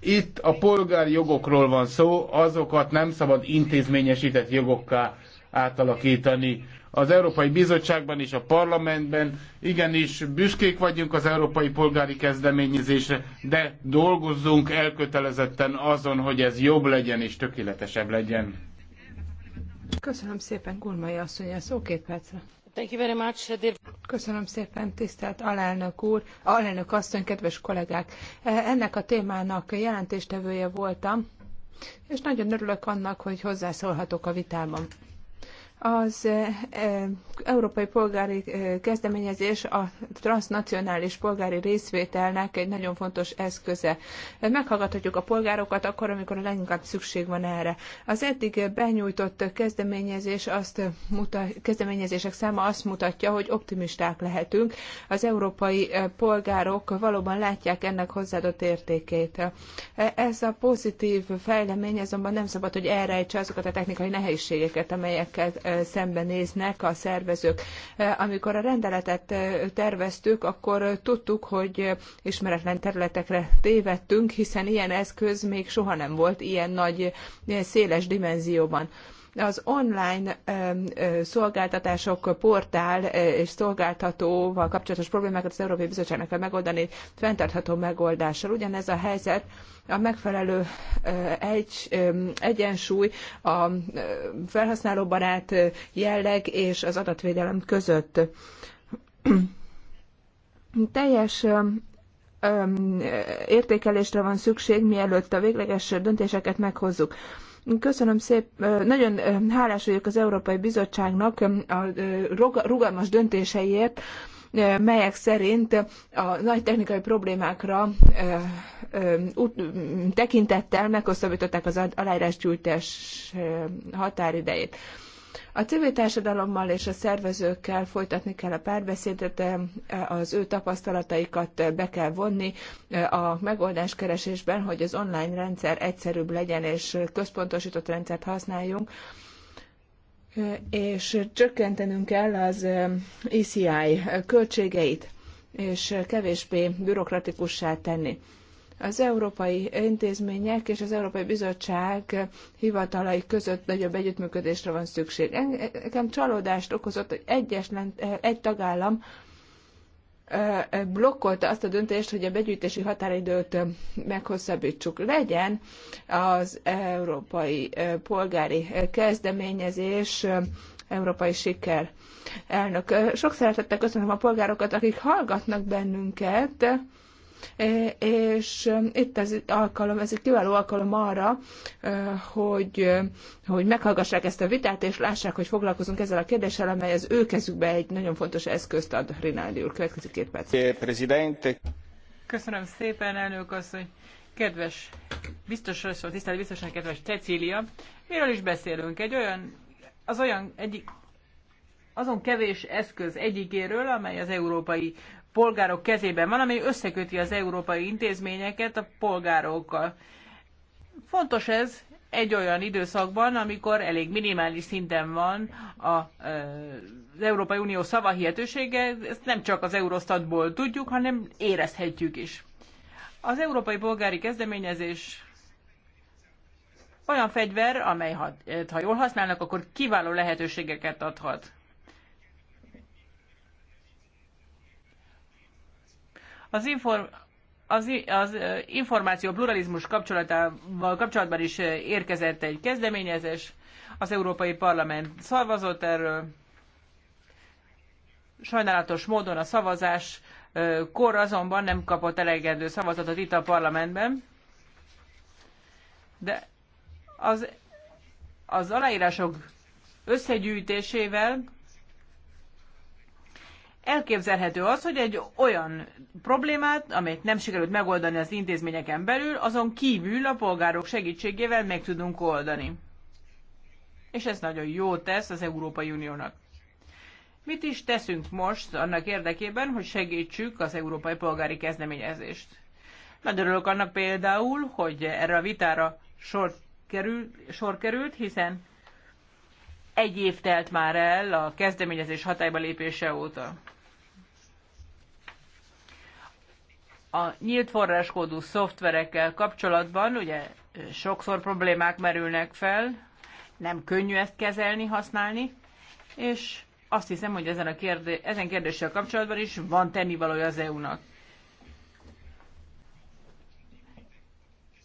itt a polgári jogokról van szó, azokat nem szabad intézményesített jogokká átalakítani az Európai Bizottságban és a parlamentben. Igenis, büszkék vagyunk az európai polgári kezdeményezésre, de dolgozzunk elkötelezetten azon, hogy ez jobb legyen és tökéletesebb legyen. Köszönöm szépen, Gurmai asszony, a szó két percre. Uh, Köszönöm szépen, tisztelt alelnök úr, alelnök asszony, kedves kollégák! E, ennek a témának jelentéstevője voltam, és nagyon örülök annak, hogy hozzászólhatok a vitában. Az eh, eh, európai polgári eh, kezdeményezés a transnacionális polgári részvételnek egy nagyon fontos eszköze. Meghallgathatjuk a polgárokat akkor, amikor a leginkább szükség van erre. Az eddig benyújtott kezdeményezés azt mutat, kezdeményezések száma azt mutatja, hogy optimisták lehetünk. Az európai polgárok valóban látják ennek hozzáadott értékét. Ez a pozitív fejlemény azonban nem szabad, hogy elrejtse azokat a technikai nehézségeket, amelyekkel szembenéznek a szervezők. E, amikor a rendeletet e, terveztük, akkor tudtuk, hogy ismeretlen területekre tévedtünk, hiszen ilyen eszköz még soha nem volt ilyen nagy, ilyen széles dimenzióban az online e, szolgáltatások portál és szolgáltatóval kapcsolatos problémákat az Európai Bizottságnak kell megoldani fenntartható megoldással. Ugyanez a helyzet a megfelelő egy, egyensúly a felhasználóbarát jelleg és az adatvédelem között. Teljes értékelésre van szükség, mielőtt a végleges döntéseket meghozzuk. Köszönöm szépen, nagyon hálás vagyok az Európai Bizottságnak a rugalmas döntéseiért, melyek szerint a nagy technikai problémákra tekintettel meghosszabbították az aláírásgyűjtés határidejét. A civil társadalommal és a szervezőkkel folytatni kell a párbeszédet, az ő tapasztalataikat be kell vonni a megoldás keresésben, hogy az online rendszer egyszerűbb legyen és központosított rendszert használjunk és csökkentenünk kell az ECI költségeit, és kevésbé bürokratikussá tenni. Az európai intézmények és az Európai Bizottság hivatalai között nagyobb együttműködésre van szükség. Nekem csalódást okozott, hogy egyes, egy tagállam blokkolta azt a döntést, hogy a begyűjtési határidőt meghosszabbítsuk. Legyen az európai polgári kezdeményezés európai siker. Elnök, sok szeretettel köszönöm a polgárokat, akik hallgatnak bennünket. E, és itt az alkalom, ez egy kiváló alkalom arra, hogy, hogy meghallgassák ezt a vitát, és lássák, hogy foglalkozunk ezzel a kérdéssel, amely az ő kezükbe egy nagyon fontos eszközt ad. Rinaldi úr, következő két perc. Eh, Köszönöm szépen, elnök asszony. Kedves biztos asszony, tisztelt biztosan, kedves Cecília, miről is beszélünk? Egy olyan, az olyan egyik azon kevés eszköz egyikéről, amely az európai polgárok kezében van, ami összeköti az európai intézményeket a polgárokkal. Fontos ez egy olyan időszakban, amikor elég minimális szinten van a, az Európai Unió szavahihetősége, ezt nem csak az Eurostatból tudjuk, hanem érezhetjük is. Az Európai Polgári Kezdeményezés olyan fegyver, amely, ha, ha jól használnak, akkor kiváló lehetőségeket adhat. Az, inform, az, az információ pluralizmus kapcsolatával kapcsolatban is érkezett egy kezdeményezés, az Európai Parlament szavazott erről. Sajnálatos módon a szavazás kor azonban nem kapott elegendő szavazatot itt a parlamentben, de az, az aláírások összegyűjtésével Elképzelhető az, hogy egy olyan problémát, amelyet nem sikerült megoldani az intézményeken belül, azon kívül a polgárok segítségével meg tudunk oldani. És ez nagyon jó tesz az Európai Uniónak. Mit is teszünk most annak érdekében, hogy segítsük az európai polgári kezdeményezést? Nagyon örülök annak például, hogy erre a vitára sor, kerül, sor került, hiszen egy év telt már el a kezdeményezés hatályba lépése óta. a nyílt forráskódú szoftverekkel kapcsolatban ugye sokszor problémák merülnek fel, nem könnyű ezt kezelni, használni, és azt hiszem, hogy ezen, a kérdé- ezen kérdéssel kapcsolatban is van tennivalója az EU-nak.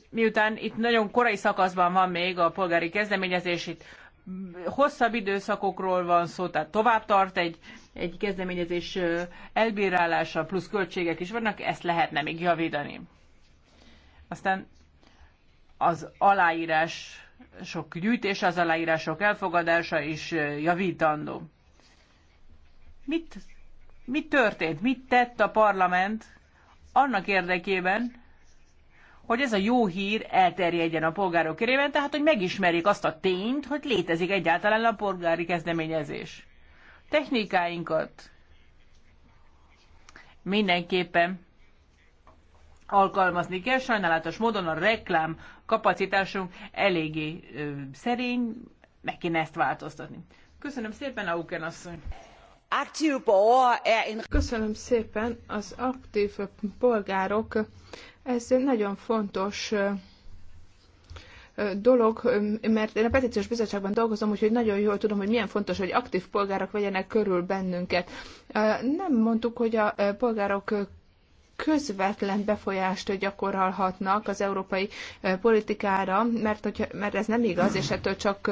Miután itt nagyon korai szakaszban van még a polgári kezdeményezés, itt hosszabb időszakokról van szó, tehát tovább tart egy, egy kezdeményezés elbírálása, plusz költségek is vannak, ezt lehetne még javítani. Aztán az aláírás sok gyűjtés az aláírások elfogadása is javítandó. Mit, mit történt, mit tett a parlament annak érdekében, hogy ez a jó hír elterjedjen a polgárok körében, tehát hogy megismerjék azt a tényt, hogy létezik egyáltalán a polgári kezdeményezés. Technikáinkat mindenképpen alkalmazni kell. Sajnálatos módon a reklám kapacitásunk eléggé ö, szerény, meg kéne ezt változtatni. Köszönöm szépen, Auken asszony! Er Köszönöm szépen az aktív polgárok ez nagyon fontos dolog, mert én a petíciós bizottságban dolgozom, úgyhogy nagyon jól tudom, hogy milyen fontos, hogy aktív polgárok vegyenek körül bennünket. Nem mondtuk, hogy a polgárok közvetlen befolyást gyakorolhatnak az európai politikára, mert, hogyha, mert ez nem igaz, és ettől csak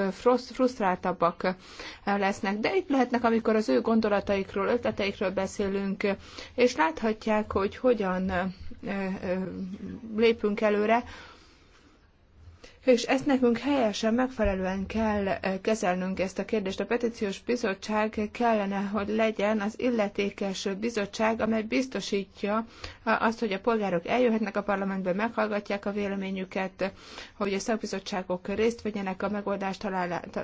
frusztráltabbak lesznek. De itt lehetnek, amikor az ő gondolataikról, ötleteikről beszélünk, és láthatják, hogy hogyan lépünk előre, és ezt nekünk helyesen, megfelelően kell eh, kezelnünk ezt a kérdést. A petíciós bizottság kellene, hogy legyen az illetékes bizottság, amely biztosítja azt, hogy a polgárok eljöhetnek a parlamentbe, meghallgatják a véleményüket, hogy a szakbizottságok részt vegyenek a megoldás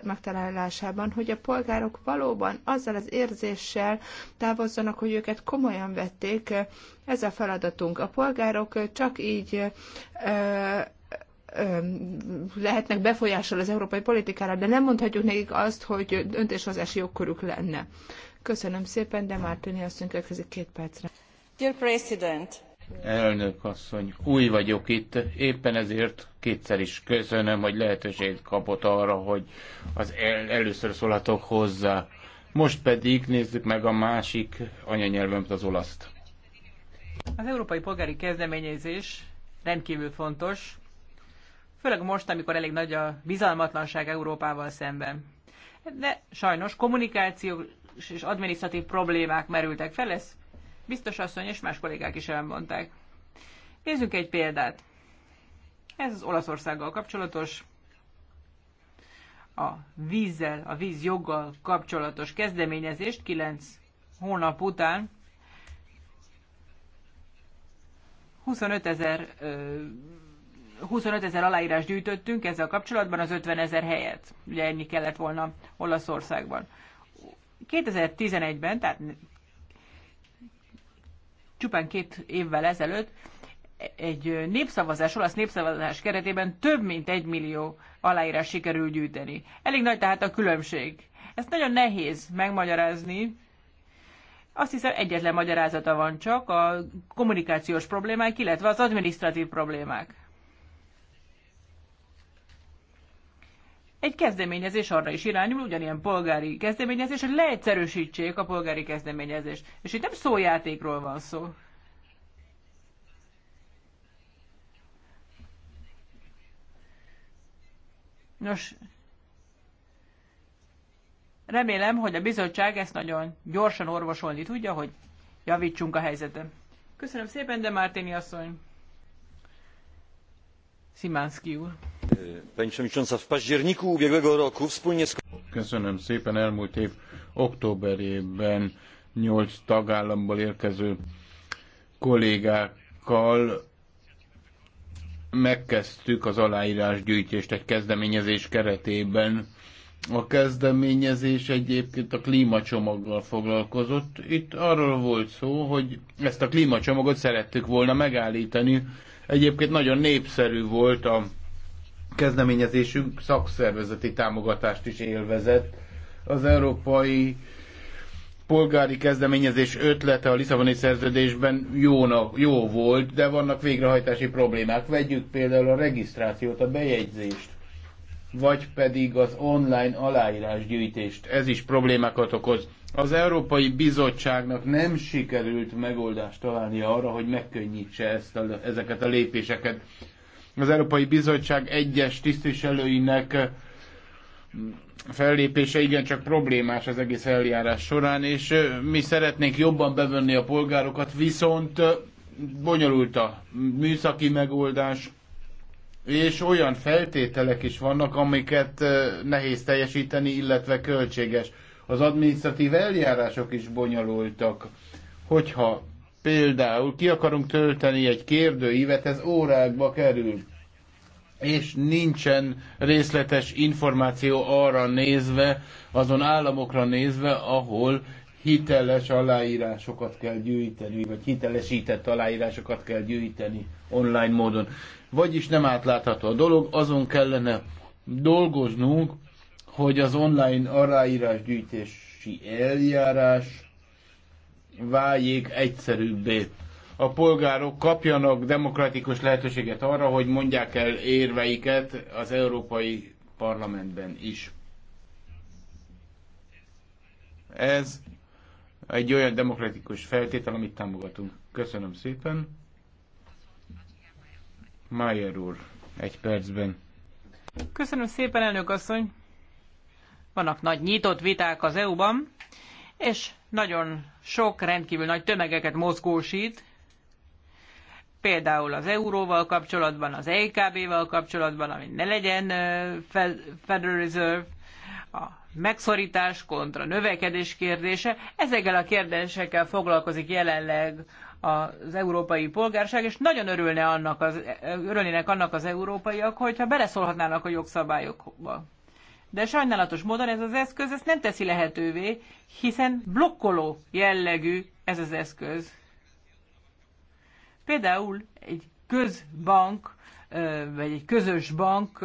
megtalálásában, hogy a polgárok valóban azzal az érzéssel távozzanak, hogy őket komolyan vették. Eh, ez a feladatunk. A polgárok csak így eh, lehetnek befolyással az európai politikára, de nem mondhatjuk nekik azt, hogy döntéshozási jogkoruk lenne. Köszönöm szépen, de már Mártini asszony következik két percre. Dear President. Elnök asszony, új vagyok itt, éppen ezért kétszer is köszönöm, hogy lehetőséget kapott arra, hogy az el, először szólhatok hozzá. Most pedig nézzük meg a másik anyanyelvem, az olaszt. Az európai polgári kezdeményezés rendkívül fontos, főleg most, amikor elég nagy a bizalmatlanság Európával szemben. De sajnos kommunikációs és adminisztratív problémák merültek fel, ezt biztos asszony és más kollégák is elmondták. Nézzünk egy példát. Ez az Olaszországgal kapcsolatos, a vízzel, a vízjoggal kapcsolatos kezdeményezést 9 hónap után 25 ezer 25 ezer aláírás gyűjtöttünk ezzel kapcsolatban az 50 ezer helyet. Ugye ennyi kellett volna Olaszországban. 2011-ben, tehát csupán két évvel ezelőtt egy népszavazás, olasz népszavazás keretében több mint egy millió aláírás sikerül gyűjteni. Elég nagy tehát a különbség. Ezt nagyon nehéz megmagyarázni. Azt hiszem egyetlen magyarázata van csak a kommunikációs problémák, illetve az adminisztratív problémák. egy kezdeményezés arra is irányul, ugyanilyen polgári kezdeményezés, hogy leegyszerűsítsék a polgári kezdeményezést. És itt nem szójátékról van szó. Nos, remélem, hogy a bizottság ezt nagyon gyorsan orvosolni tudja, hogy javítsunk a helyzeten. Köszönöm szépen, de Márténi asszony! w październiku ubiegłego roku wspólnie z... Köszönöm szépen, elmúlt év októberében nyolc tagállamból érkező kollégákkal megkezdtük az aláírásgyűjtést egy kezdeményezés keretében. A kezdeményezés egyébként a klímacsomaggal foglalkozott. Itt arról volt szó, hogy ezt a klímacsomagot szerettük volna megállítani, Egyébként nagyon népszerű volt a kezdeményezésünk, szakszervezeti támogatást is élvezett. Az európai polgári kezdeményezés ötlete a Lisszaboni szerződésben jónak, jó volt, de vannak végrehajtási problémák. Vegyük például a regisztrációt, a bejegyzést, vagy pedig az online aláírásgyűjtést. Ez is problémákat okoz az Európai Bizottságnak nem sikerült megoldást találni arra, hogy megkönnyítse ezt a, ezeket a lépéseket. Az Európai Bizottság egyes tisztviselőinek fellépése igencsak problémás az egész eljárás során, és mi szeretnénk jobban bevenni a polgárokat, viszont bonyolult a műszaki megoldás, és olyan feltételek is vannak, amiket nehéz teljesíteni, illetve költséges az adminisztratív eljárások is bonyolultak. Hogyha például ki akarunk tölteni egy kérdőívet, ez órákba kerül és nincsen részletes információ arra nézve, azon államokra nézve, ahol hiteles aláírásokat kell gyűjteni, vagy hitelesített aláírásokat kell gyűjteni online módon. Vagyis nem átlátható a dolog, azon kellene dolgoznunk, hogy az online aláírásgyűjtési eljárás váljék egyszerűbbé. A polgárok kapjanak demokratikus lehetőséget arra, hogy mondják el érveiket az Európai Parlamentben is. Ez egy olyan demokratikus feltétel, amit támogatunk. Köszönöm szépen. Mayer úr, egy percben. Köszönöm szépen, elnök asszony. Vannak nagy nyitott viták az EU-ban, és nagyon sok rendkívül nagy tömegeket mozgósít, például az euróval kapcsolatban, az EKB-val kapcsolatban, ami ne legyen Federal Reserve, a megszorítás kontra növekedés kérdése. Ezekkel a kérdésekkel foglalkozik jelenleg az európai polgárság, és nagyon örülne annak az, örülnének annak az európaiak, hogyha beleszólhatnának a jogszabályokba de sajnálatos módon ez az eszköz ezt nem teszi lehetővé, hiszen blokkoló jellegű ez az eszköz. Például egy közbank, vagy egy közös bank,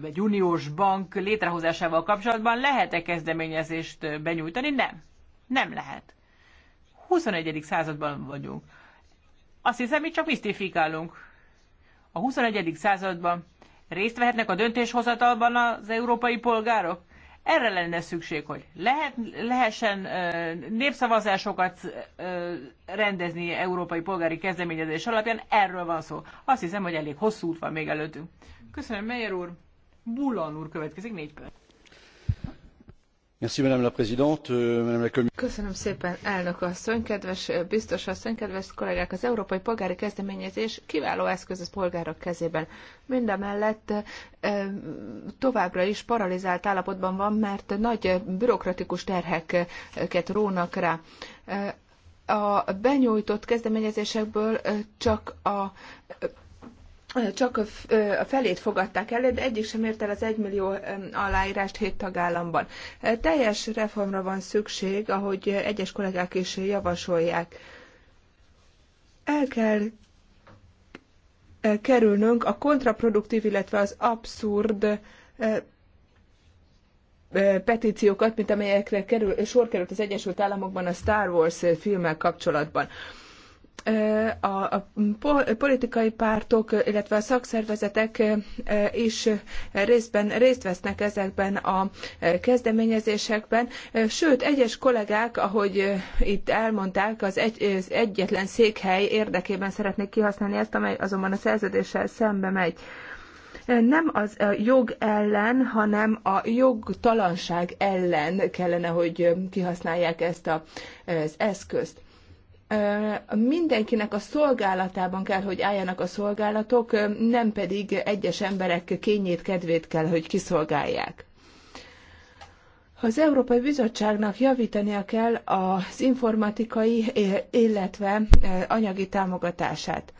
vagy uniós bank létrehozásával kapcsolatban lehet-e kezdeményezést benyújtani? Nem. Nem lehet. 21. században vagyunk. Azt hiszem, mi csak misztifikálunk. A 21. században részt vehetnek a döntéshozatalban az európai polgárok? Erre lenne szükség, hogy lehet, lehessen népszavazásokat rendezni európai polgári kezdeményezés alapján. Erről van szó. Azt hiszem, hogy elég hosszú út van még előttünk. Köszönöm, Meyer úr. Bullon úr következik négy perc. Euh, Köszönöm szépen, elnök asszony, kedves biztos asszony, kedves kollégák! Az Európai Polgári Kezdeményezés kiváló eszköz az polgárok kezében. Mindemellett továbbra is paralizált állapotban van, mert nagy bürokratikus terheket rónak rá. A benyújtott kezdeményezésekből csak a csak a felét fogadták el, de egyik sem ért el az egymillió aláírást hét tagállamban. Teljes reformra van szükség, ahogy egyes kollégák is javasolják. El kell kerülnünk a kontraproduktív, illetve az abszurd petíciókat, mint amelyekre kerül, sor került az Egyesült Államokban a Star Wars filmmel kapcsolatban a politikai pártok, illetve a szakszervezetek is részben részt vesznek ezekben a kezdeményezésekben, sőt egyes kollégák, ahogy itt elmondták, az, egy, az egyetlen székhely érdekében szeretnék kihasználni ezt, amely azonban a szerződéssel szembe megy nem az a jog ellen, hanem a jogtalanság ellen kellene, hogy kihasználják ezt az eszközt mindenkinek a szolgálatában kell, hogy álljanak a szolgálatok, nem pedig egyes emberek kényét, kedvét kell, hogy kiszolgálják. Az Európai Bizottságnak javítania kell az informatikai, illetve anyagi támogatását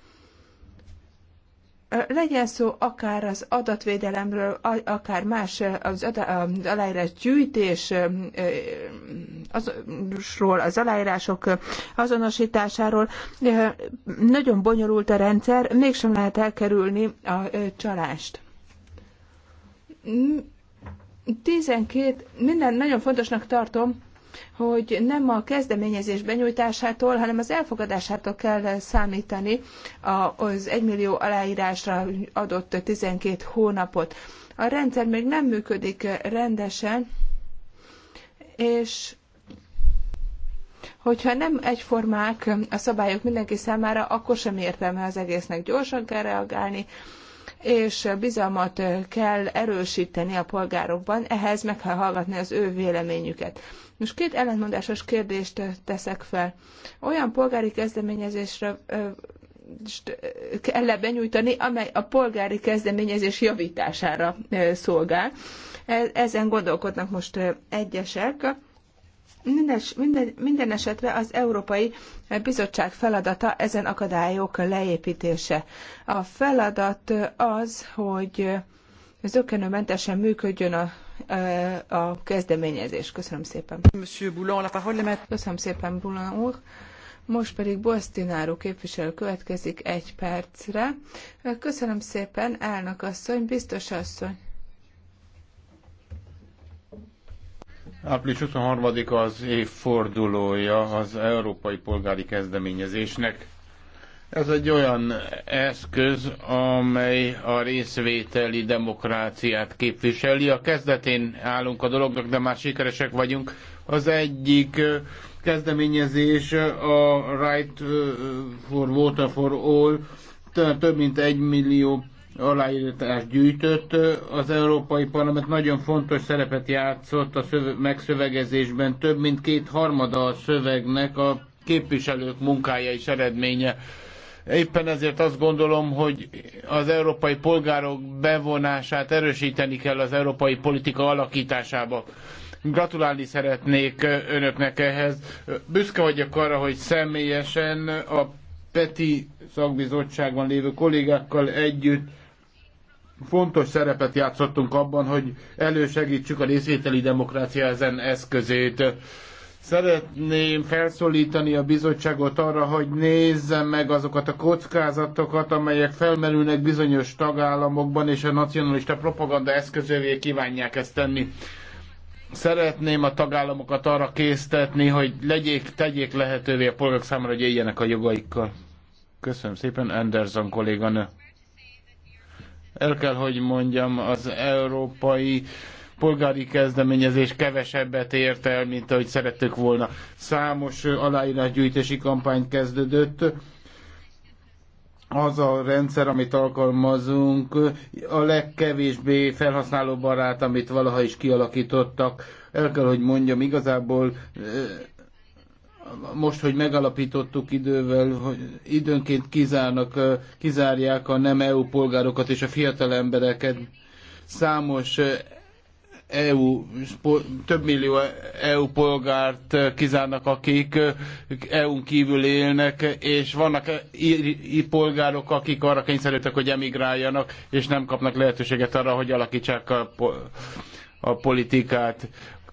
legyen szó akár az adatvédelemről, akár más az, az aláírás gyűjtésről, az aláírások azonosításáról. Nagyon bonyolult a rendszer, mégsem lehet elkerülni a csalást. 12, minden nagyon fontosnak tartom, hogy nem a kezdeményezés benyújtásától, hanem az elfogadásától kell számítani az 1 millió aláírásra adott 12 hónapot. A rendszer még nem működik rendesen, és hogyha nem egyformák a szabályok mindenki számára, akkor sem értelme az egésznek. Gyorsan kell reagálni, és bizalmat kell erősíteni a polgárokban, ehhez meg kell hallgatni az ő véleményüket. Most két ellentmondásos kérdést eh, teszek fel. Olyan polgári kezdeményezésre eh, eh, kell benyújtani, amely a polgári kezdeményezés javítására szolgál. E, ezen gondolkodnak most egyesek. Minden, minden, minden esetre az Európai Bizottság feladata ezen akadályok leépítése. A feladat az, hogy zökkenőmentesen működjön a a kezdeményezés. Köszönöm szépen. Monsieur Boulon, la parole Köszönöm szépen, Boulon úr. Most pedig Bosztináró képviselő következik egy percre. Köszönöm szépen, elnök asszony, biztos asszony. Április 23 az évfordulója az Európai Polgári Kezdeményezésnek. Ez egy olyan eszköz, amely a részvételi demokráciát képviseli. A kezdetén állunk a dolognak, de már sikeresek vagyunk. Az egyik kezdeményezés a Right for Water for All több mint egy millió aláírást gyűjtött. Az Európai Parlament nagyon fontos szerepet játszott a szöve- megszövegezésben. Több mint két harmada a szövegnek a képviselők munkája és eredménye. Éppen ezért azt gondolom, hogy az európai polgárok bevonását erősíteni kell az európai politika alakításába. Gratulálni szeretnék önöknek ehhez. Büszke vagyok arra, hogy személyesen a Peti szakbizottságban lévő kollégákkal együtt fontos szerepet játszottunk abban, hogy elősegítsük a részvételi demokrácia ezen eszközét. Szeretném felszólítani a bizottságot arra, hogy nézze meg azokat a kockázatokat, amelyek felmerülnek bizonyos tagállamokban, és a nacionalista propaganda eszközövé kívánják ezt tenni. Szeretném a tagállamokat arra késztetni, hogy legyék, tegyék lehetővé a polgárok számára, hogy éljenek a jogaikkal. Köszönöm szépen, Anderson kolléganő. El kell, hogy mondjam, az európai polgári kezdeményezés kevesebbet ért el, mint ahogy szerettük volna. Számos aláírásgyűjtési kampány kezdődött, az a rendszer, amit alkalmazunk, a legkevésbé felhasználó barát, amit valaha is kialakítottak. El kell, hogy mondjam, igazából eh, most, hogy megalapítottuk idővel, hogy időnként kizárnak, eh, kizárják a nem EU polgárokat és a fiatal embereket. Számos eh, EU, több millió EU polgárt eh, kizárnak, akik eh, EU-n kívül élnek, és vannak eh, i, polgárok, akik arra kényszerültek, hogy emigráljanak, és nem kapnak lehetőséget arra, hogy alakítsák a, a politikát.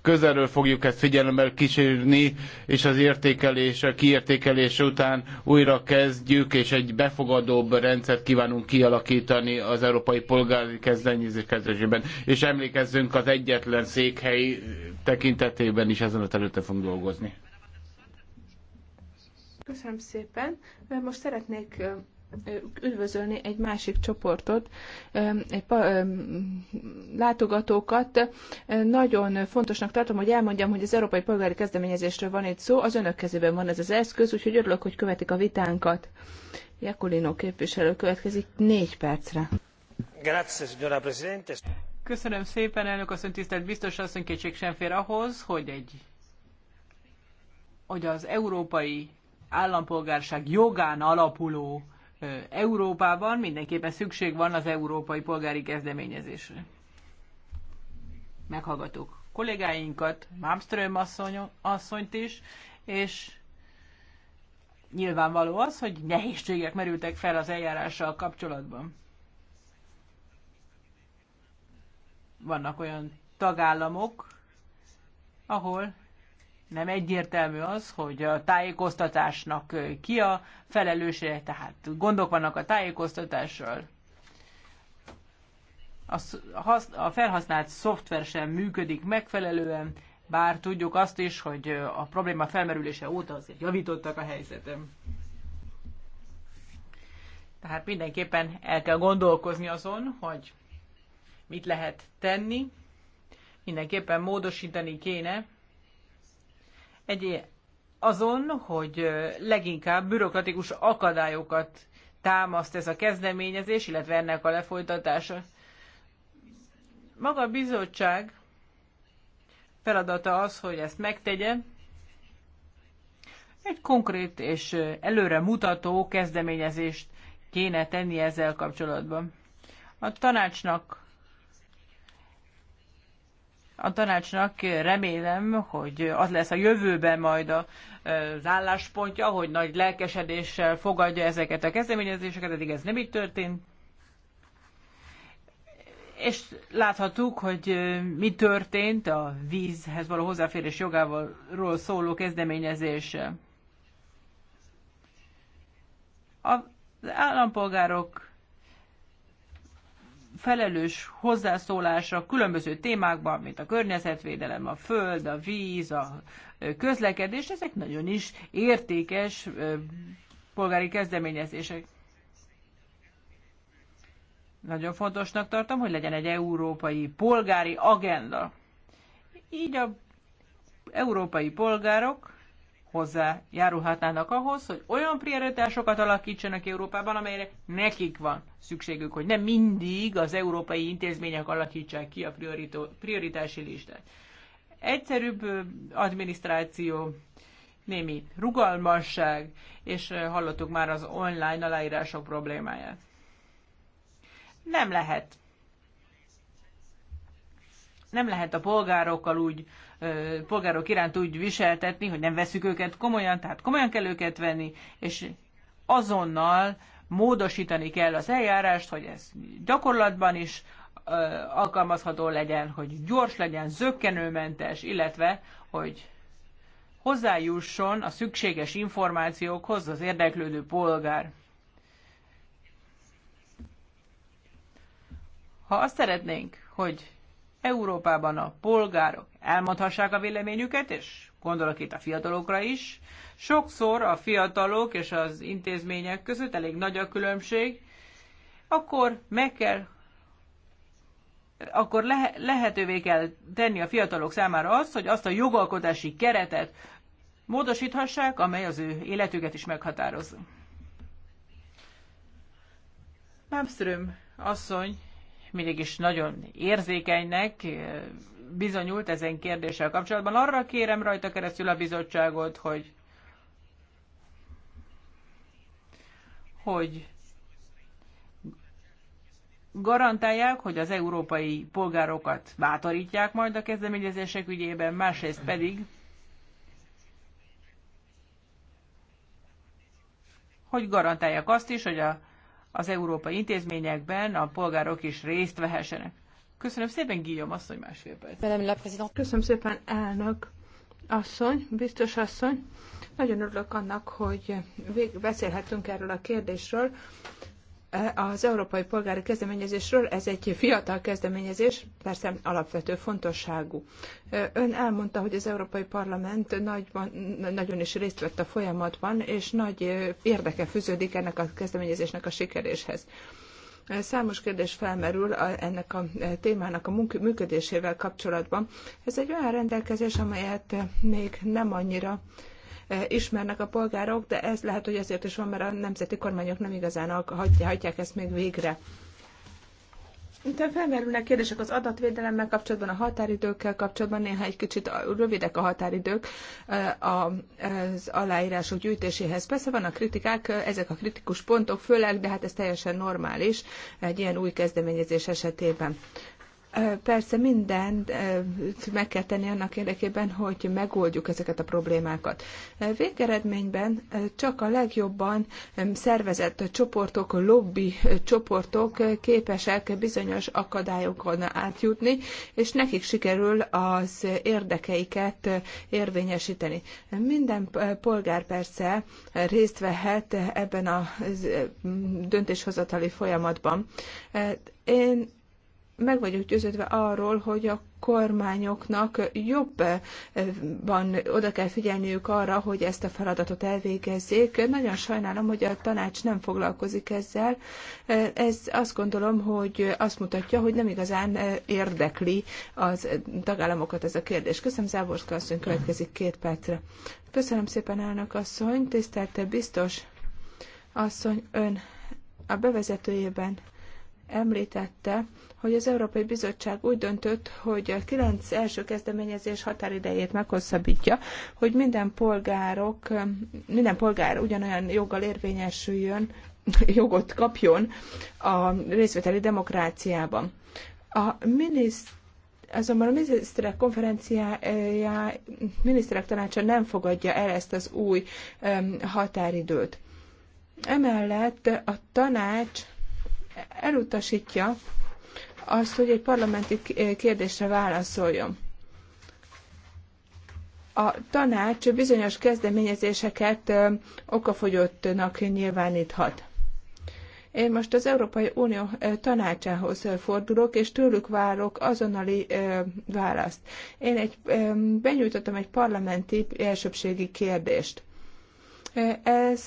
Közelről fogjuk ezt figyelemmel kísérni, és az értékelése, kiértékelése után újra kezdjük, és egy befogadóbb rendszert kívánunk kialakítani az európai polgári kezdeményezés kezdésében. És emlékezzünk az egyetlen székhely tekintetében is ezen a területen fogunk dolgozni. Köszönöm szépen. Most szeretnék üdvözölni egy másik csoportot, egy látogatókat. Nagyon fontosnak tartom, hogy elmondjam, hogy az Európai Polgári Kezdeményezésről van itt szó, az önök kezében van ez az eszköz, úgyhogy örülök, hogy követik a vitánkat. Jakulino képviselő következik négy percre. Grazie, signora Presidente. Köszönöm szépen, elnök asszony, tisztelt biztos asszony, kétség sem fér ahhoz, hogy egy hogy az európai állampolgárság jogán alapuló Európában mindenképpen szükség van az európai polgári kezdeményezésre. Meghallgatók kollégáinkat, Mámström asszony, asszonyt is, és nyilvánvaló az, hogy nehézségek merültek fel az eljárással kapcsolatban. Vannak olyan tagállamok, ahol nem egyértelmű az, hogy a tájékoztatásnak ki a felelőse, tehát gondok vannak a tájékoztatásról. A felhasznált szoftver sem működik megfelelően, bár tudjuk azt is, hogy a probléma felmerülése óta azért javítottak a helyzetem. Tehát mindenképpen el kell gondolkozni azon, hogy mit lehet tenni, mindenképpen módosítani kéne egy azon, hogy leginkább bürokratikus akadályokat támaszt ez a kezdeményezés, illetve ennek a lefolytatása. Maga a bizottság feladata az, hogy ezt megtegye. Egy konkrét és előre mutató kezdeményezést kéne tenni ezzel kapcsolatban. A tanácsnak a tanácsnak remélem, hogy az lesz a jövőben majd az álláspontja, hogy nagy lelkesedéssel fogadja ezeket a kezdeményezéseket, eddig ez nem így történt. És láthattuk, hogy mi történt a vízhez való hozzáférés jogával szóló kezdeményezés. Az állampolgárok felelős hozzászólásra különböző témákban, mint a környezetvédelem, a föld, a víz, a közlekedés, ezek nagyon is értékes polgári kezdeményezések. Nagyon fontosnak tartom, hogy legyen egy európai polgári agenda. Így a európai polgárok hozzájárulhatnának ahhoz, hogy olyan prioritásokat alakítsanak Európában, amelyre nekik van szükségük, hogy nem mindig az európai intézmények alakítsák ki a prioritási listát. Egyszerűbb adminisztráció, némi rugalmasság, és hallottuk már az online aláírások problémáját. Nem lehet nem lehet a polgárokkal úgy, polgárok iránt úgy viseltetni, hogy nem veszük őket komolyan, tehát komolyan kell őket venni, és azonnal módosítani kell az eljárást, hogy ez gyakorlatban is alkalmazható legyen, hogy gyors legyen, zöggenőmentes, illetve, hogy hozzájusson a szükséges információkhoz az érdeklődő polgár. Ha azt szeretnénk, hogy Európában a polgárok elmondhassák a véleményüket, és gondolok itt a fiatalokra is. Sokszor a fiatalok és az intézmények között elég nagy a különbség, akkor meg kell akkor lehe, lehetővé kell tenni a fiatalok számára azt, hogy azt a jogalkotási keretet módosíthassák, amely az ő életüket is meghatározza. Malmström asszony mindig is nagyon érzékenynek eh, bizonyult ezen kérdéssel kapcsolatban. Arra kérem rajta keresztül a bizottságot, hogy hogy garantálják, hogy az európai polgárokat bátorítják majd a kezdeményezések ügyében, másrészt pedig, hogy garantálják azt is, hogy a az európai intézményekben a polgárok is részt vehessenek. Köszönöm szépen, Guillaume asszony, másfél perc. Köszönöm szépen, elnök asszony, biztos asszony. Nagyon örülök annak, hogy beszélhetünk erről a kérdésről az Európai Polgári Kezdeményezésről. Ez egy fiatal kezdeményezés, persze alapvető fontosságú. Ön elmondta, hogy az Európai Parlament nagyon is részt vett a folyamatban, és nagy érdeke fűződik ennek a kezdeményezésnek a sikeréshez. Számos kérdés felmerül a, ennek a témának a munk- működésével kapcsolatban. Ez egy olyan rendelkezés, amelyet még nem annyira uh, Eh, ismernek a polgárok, de ez lehet, hogy azért is van, mert a nemzeti kormányok nem igazán hagyják, ezt még végre. Utána felmerülnek kérdések az adatvédelemmel kapcsolatban, a határidőkkel kapcsolatban, néha egy kicsit rövidek a határidők eh, az aláírások gyűjtéséhez. Persze vannak kritikák, eh, ezek a kritikus pontok főleg, de hát ez teljesen normális egy ilyen új kezdeményezés esetében. Persze mindent meg kell tenni annak érdekében, hogy megoldjuk ezeket a problémákat. Végeredményben csak a legjobban szervezett csoportok, lobby csoportok képesek bizonyos akadályokon átjutni, és nekik sikerül az érdekeiket érvényesíteni. Minden polgár persze részt vehet ebben a döntéshozatali folyamatban. Én meg vagyok győződve arról, hogy a kormányoknak jobban eh, oda kell figyelniük arra, hogy ezt a feladatot elvégezzék. Nagyon sajnálom, hogy a tanács nem foglalkozik ezzel. Eh, ez azt gondolom, hogy azt mutatja, hogy nem igazán eh, érdekli az tagállamokat ez a kérdés. Köszönöm, Záborska asszony következik két percre. Köszönöm szépen, elnök asszony, tisztelte biztos asszony, ön a bevezetőjében említette, hogy az Európai Bizottság úgy döntött, hogy a kilenc első kezdeményezés határidejét meghosszabbítja, hogy minden polgárok, minden polgár ugyanolyan joggal érvényesüljön, jogot kapjon a részvételi demokráciában. A miniszter Azonban a miniszterek konferenciája, miniszterek tanácsa nem fogadja el ezt az új határidőt. Emellett a tanács elutasítja azt, hogy egy parlamenti eh, kérdésre válaszoljon. A tanács bizonyos kezdeményezéseket eh, okafogyottnak nyilváníthat. Én most az Európai Unió eh, tanácsához fordulok, és tőlük várok azonnali választ. Én egy, benyújtottam egy parlamenti elsőbségi kérdést. Ez,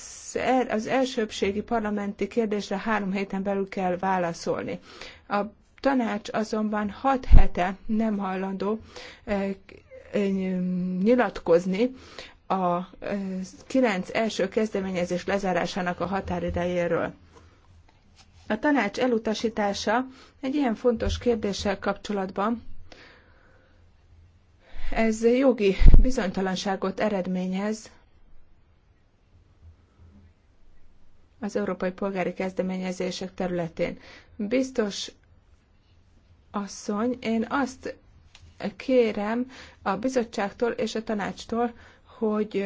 az elsőbségi parlamenti kérdésre három héten belül kell válaszolni. A tanács azonban hat hete nem hajlandó eh, eh, nyilatkozni a eh, kilenc első kezdeményezés lezárásának a határidejéről. A tanács elutasítása egy ilyen fontos kérdéssel kapcsolatban ez jogi bizonytalanságot eredményez az európai polgári kezdeményezések területén. Biztos asszony, én azt kérem a bizottságtól és a tanácstól, hogy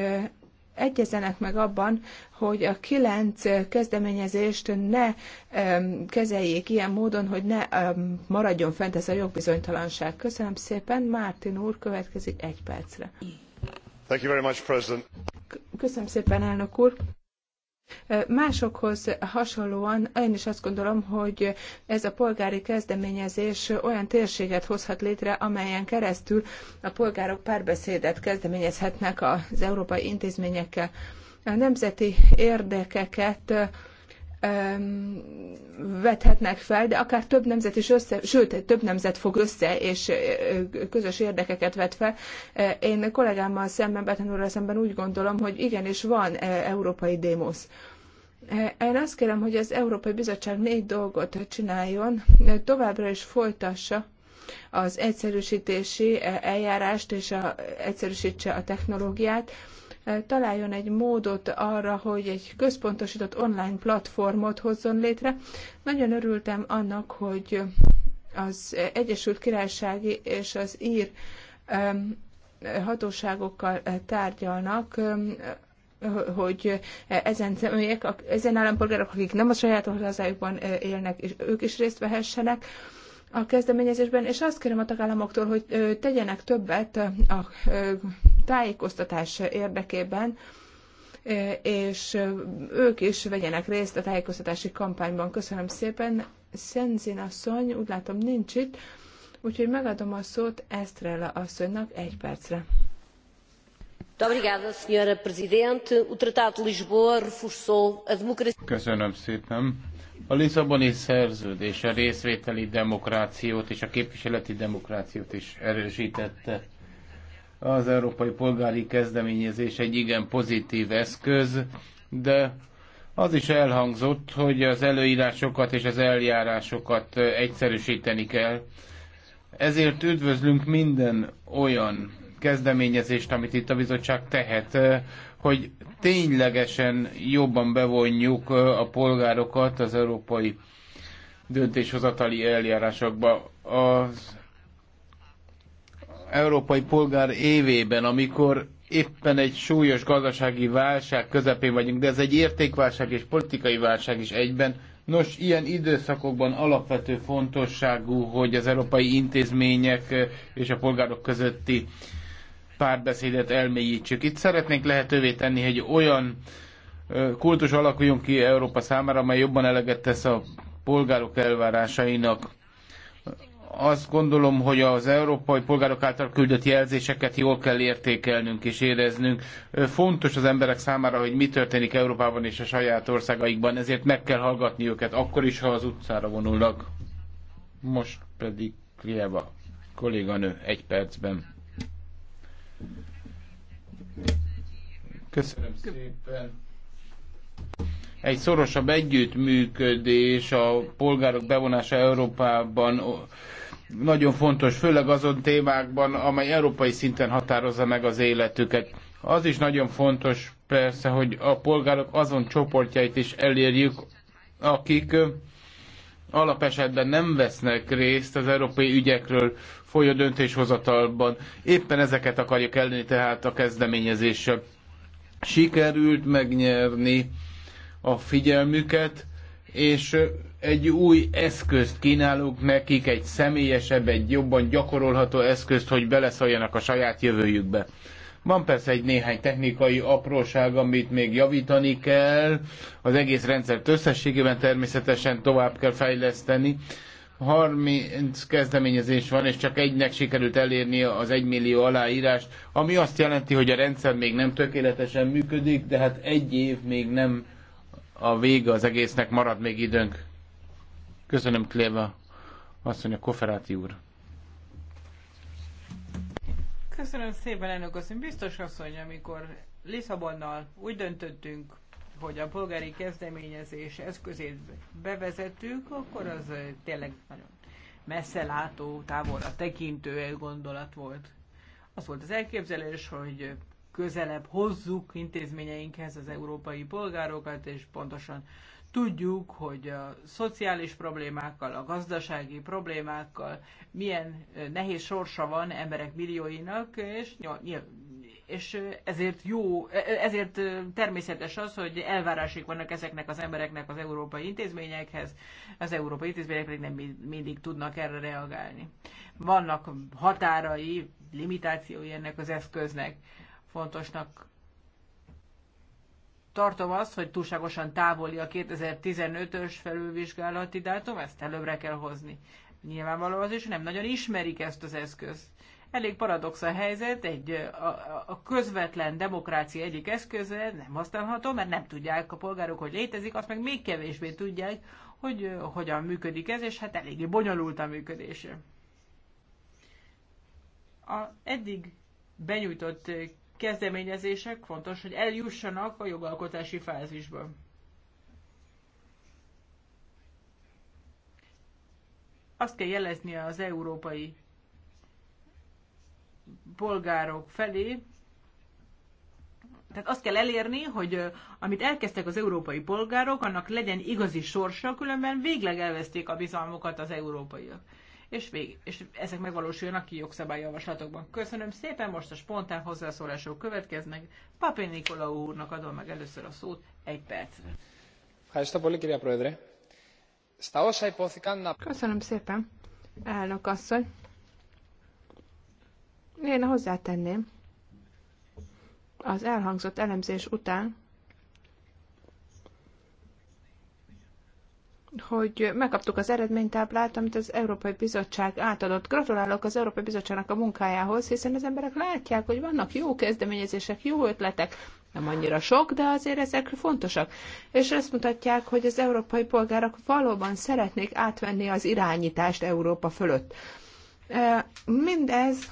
egyezenek meg abban, hogy a kilenc kezdeményezést ne kezeljék ilyen módon, hogy ne maradjon fent ez a jogbizonytalanság. Köszönöm szépen. Mártin úr következik egy percre. Thank you very much, President. Köszönöm szépen, elnök úr. Másokhoz hasonlóan én is azt gondolom, hogy ez a polgári kezdeményezés olyan térséget hozhat létre, amelyen keresztül a polgárok párbeszédet kezdeményezhetnek az európai intézményekkel. A nemzeti érdekeket vethetnek fel, de akár több nemzet is össze, sőt, több nemzet fog össze, és közös érdekeket vet fel. Én kollégámmal szemben, Betten úrral szemben úgy gondolom, hogy igenis van európai démosz. Én azt kérem, hogy az Európai Bizottság négy dolgot csináljon, továbbra is folytassa az egyszerűsítési eljárást, és a, egyszerűsítse a technológiát, találjon egy módot arra, hogy egy központosított online platformot hozzon létre. Nagyon örültem annak, hogy az Egyesült Királysági és az ír hatóságokkal eh, tárgyalnak, eh, hogy ezen személyek, ezen állampolgárok, akik nem a saját hazájukban eh, élnek, és ők is részt vehessenek a kezdeményezésben, és azt kérem a tagállamoktól, hogy tegyenek többet a tájékoztatás érdekében, és ők is vegyenek részt a tájékoztatási kampányban. Köszönöm szépen. Szenzin asszony, úgy látom nincs itt, úgyhogy megadom a szót Estrella asszonynak egy percre. Köszönöm szépen. A Lisszaboni szerződés a részvételi demokrációt és a képviseleti demokrációt is erősítette. Az európai polgári kezdeményezés egy igen pozitív eszköz, de az is elhangzott, hogy az előírásokat és az eljárásokat egyszerűsíteni kell. Ezért üdvözlünk minden olyan kezdeményezést, amit itt a bizottság tehet, hogy ténylegesen jobban bevonjuk a polgárokat az európai döntéshozatali eljárásokba. Az európai polgár évében, amikor éppen egy súlyos gazdasági válság közepén vagyunk, de ez egy értékválság és politikai válság is egyben. Nos, ilyen időszakokban alapvető fontosságú, hogy az európai intézmények és a polgárok közötti párbeszédet elmélyítsük. Itt szeretnénk lehetővé tenni, hogy olyan kultus alakuljon ki Európa számára, amely jobban eleget tesz a polgárok elvárásainak. Azt gondolom, hogy az európai polgárok által küldött jelzéseket jól kell értékelnünk és éreznünk. Fontos az emberek számára, hogy mi történik Európában és a saját országaikban, ezért meg kell hallgatni őket, akkor is, ha az utcára vonulnak. Most pedig Krieva kolléganő egy percben. Köszönöm szépen. Egy szorosabb együttműködés a polgárok bevonása Európában nagyon fontos, főleg azon témákban, amely európai szinten határozza meg az életüket. Az is nagyon fontos persze, hogy a polgárok azon csoportjait is elérjük, akik alapesetben nem vesznek részt az európai ügyekről folyó döntéshozatalban. Éppen ezeket akarjuk elni, tehát a kezdeményezéssel. Sikerült megnyerni a figyelmüket, és egy új eszközt kínálunk nekik, egy személyesebb, egy jobban gyakorolható eszközt, hogy beleszóljanak a saját jövőjükbe. Van persze egy néhány technikai apróság, amit még javítani kell, az egész rendszert összességében természetesen tovább kell fejleszteni, 30 kezdeményezés van, és csak egynek sikerült elérni az 1 millió aláírást, ami azt jelenti, hogy a rendszer még nem tökéletesen működik, de hát egy év még nem a vége az egésznek, marad még időnk. Köszönöm, Kléva. Azt mondja, Koferáti úr. Köszönöm szépen, elnök asszony. Biztos asszony, amikor Lisszabonnal úgy döntöttünk, hogy a polgári kezdeményezés eszközét bevezetünk, akkor az tényleg nagyon messze látó, távolra tekintő gondolat volt. Az volt az elképzelés, hogy közelebb hozzuk intézményeinkhez az európai polgárokat, és pontosan tudjuk, hogy a szociális problémákkal, a gazdasági problémákkal milyen nehéz sorsa van emberek millióinak, és és ezért jó, e, e, ezért természetes az, hogy elvárásik vannak ezeknek az embereknek az európai intézményekhez, az európai intézmények pedig nem mindig tudnak erre reagálni. Vannak határai, limitációi ennek az eszköznek. Fontosnak tartom azt, hogy túlságosan távoli a 2015-ös felülvizsgálati dátum, ezt előbbre kell hozni. Nyilvánvaló az is, nem nagyon ismerik ezt az eszközt. Elég paradox a helyzet, egy, a, a közvetlen demokrácia egyik eszköze nem használható, mert nem tudják a polgárok, hogy létezik, azt meg még kevésbé tudják, hogy hogyan működik ez, és hát eléggé bonyolult a működése. A eddig benyújtott kezdeményezések fontos, hogy eljussanak a jogalkotási fázisba. Azt kell jelezni az európai polgárok felé. Tehát azt kell elérni, hogy amit elkezdtek az európai polgárok, annak legyen igazi sorsa, különben végleg elveszték a bizalmukat az európaiak. És, vég, és ezek megvalósulnak ki jogszabályjavaslatokban. Köszönöm szépen, most a spontán hozzászólások következnek. Papé Nikola úrnak adom meg először a szót, egy perc. Köszönöm szépen, elnök asszony. Én hozzátenném, az elhangzott elemzés után, hogy megkaptuk az eredménytáblát, amit az Európai Bizottság átadott. Gratulálok az Európai Bizottságnak a munkájához, hiszen az emberek látják, hogy vannak jó kezdeményezések, jó ötletek, nem annyira sok, de azért ezek fontosak. És ezt mutatják, hogy az európai polgárok valóban szeretnék átvenni az irányítást Európa fölött. Mindez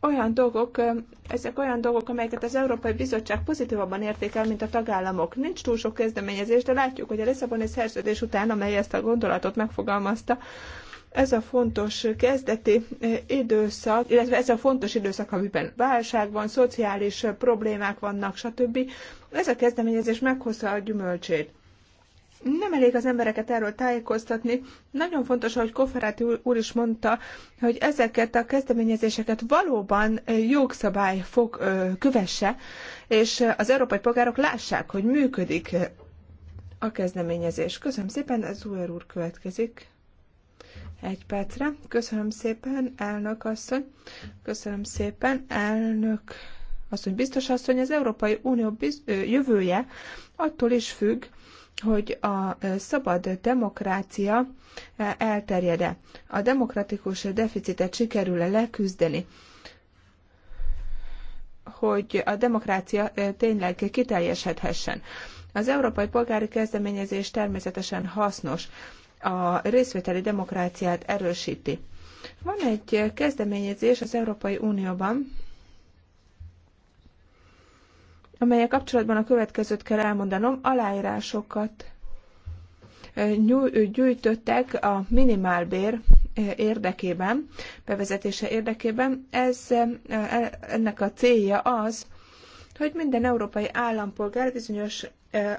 olyan dolgok, ezek olyan dolgok, amelyeket az Európai Bizottság pozitívabban értékel, mint a tagállamok. Nincs túl sok kezdeményezés, de látjuk, hogy a Lisszaboni szerződés után, amely ezt a gondolatot megfogalmazta, ez a fontos kezdeti időszak, illetve ez a fontos időszak, amiben válság van, szociális problémák vannak, stb. Ez a kezdeményezés meghozza a gyümölcsét nem elég az embereket erről tájékoztatni. Nagyon fontos, ahogy Koferáti úr is mondta, hogy ezeket a kezdeményezéseket valóban jogszabály fog kövesse, és az európai polgárok lássák, hogy működik a kezdeményezés. Köszönöm szépen, ez Zuer úr következik. Egy percre. Köszönöm szépen, elnök asszony. Köszönöm szépen, elnök asszony. Biztos asszony, az Európai Unió biz- jövője attól is függ, hogy a szabad demokrácia elterjede, a demokratikus deficitet sikerül-e leküzdeni, hogy a demokrácia tényleg kiteljesedhessen. Az európai polgári kezdeményezés természetesen hasznos, a részvételi demokráciát erősíti. Van egy kezdeményezés az Európai Unióban, amelyek kapcsolatban a következőt kell elmondanom, aláírásokat gyűjtöttek a minimálbér érdekében, bevezetése érdekében. Ez, e, ennek a célja az, hogy minden európai állampolgár bizonyos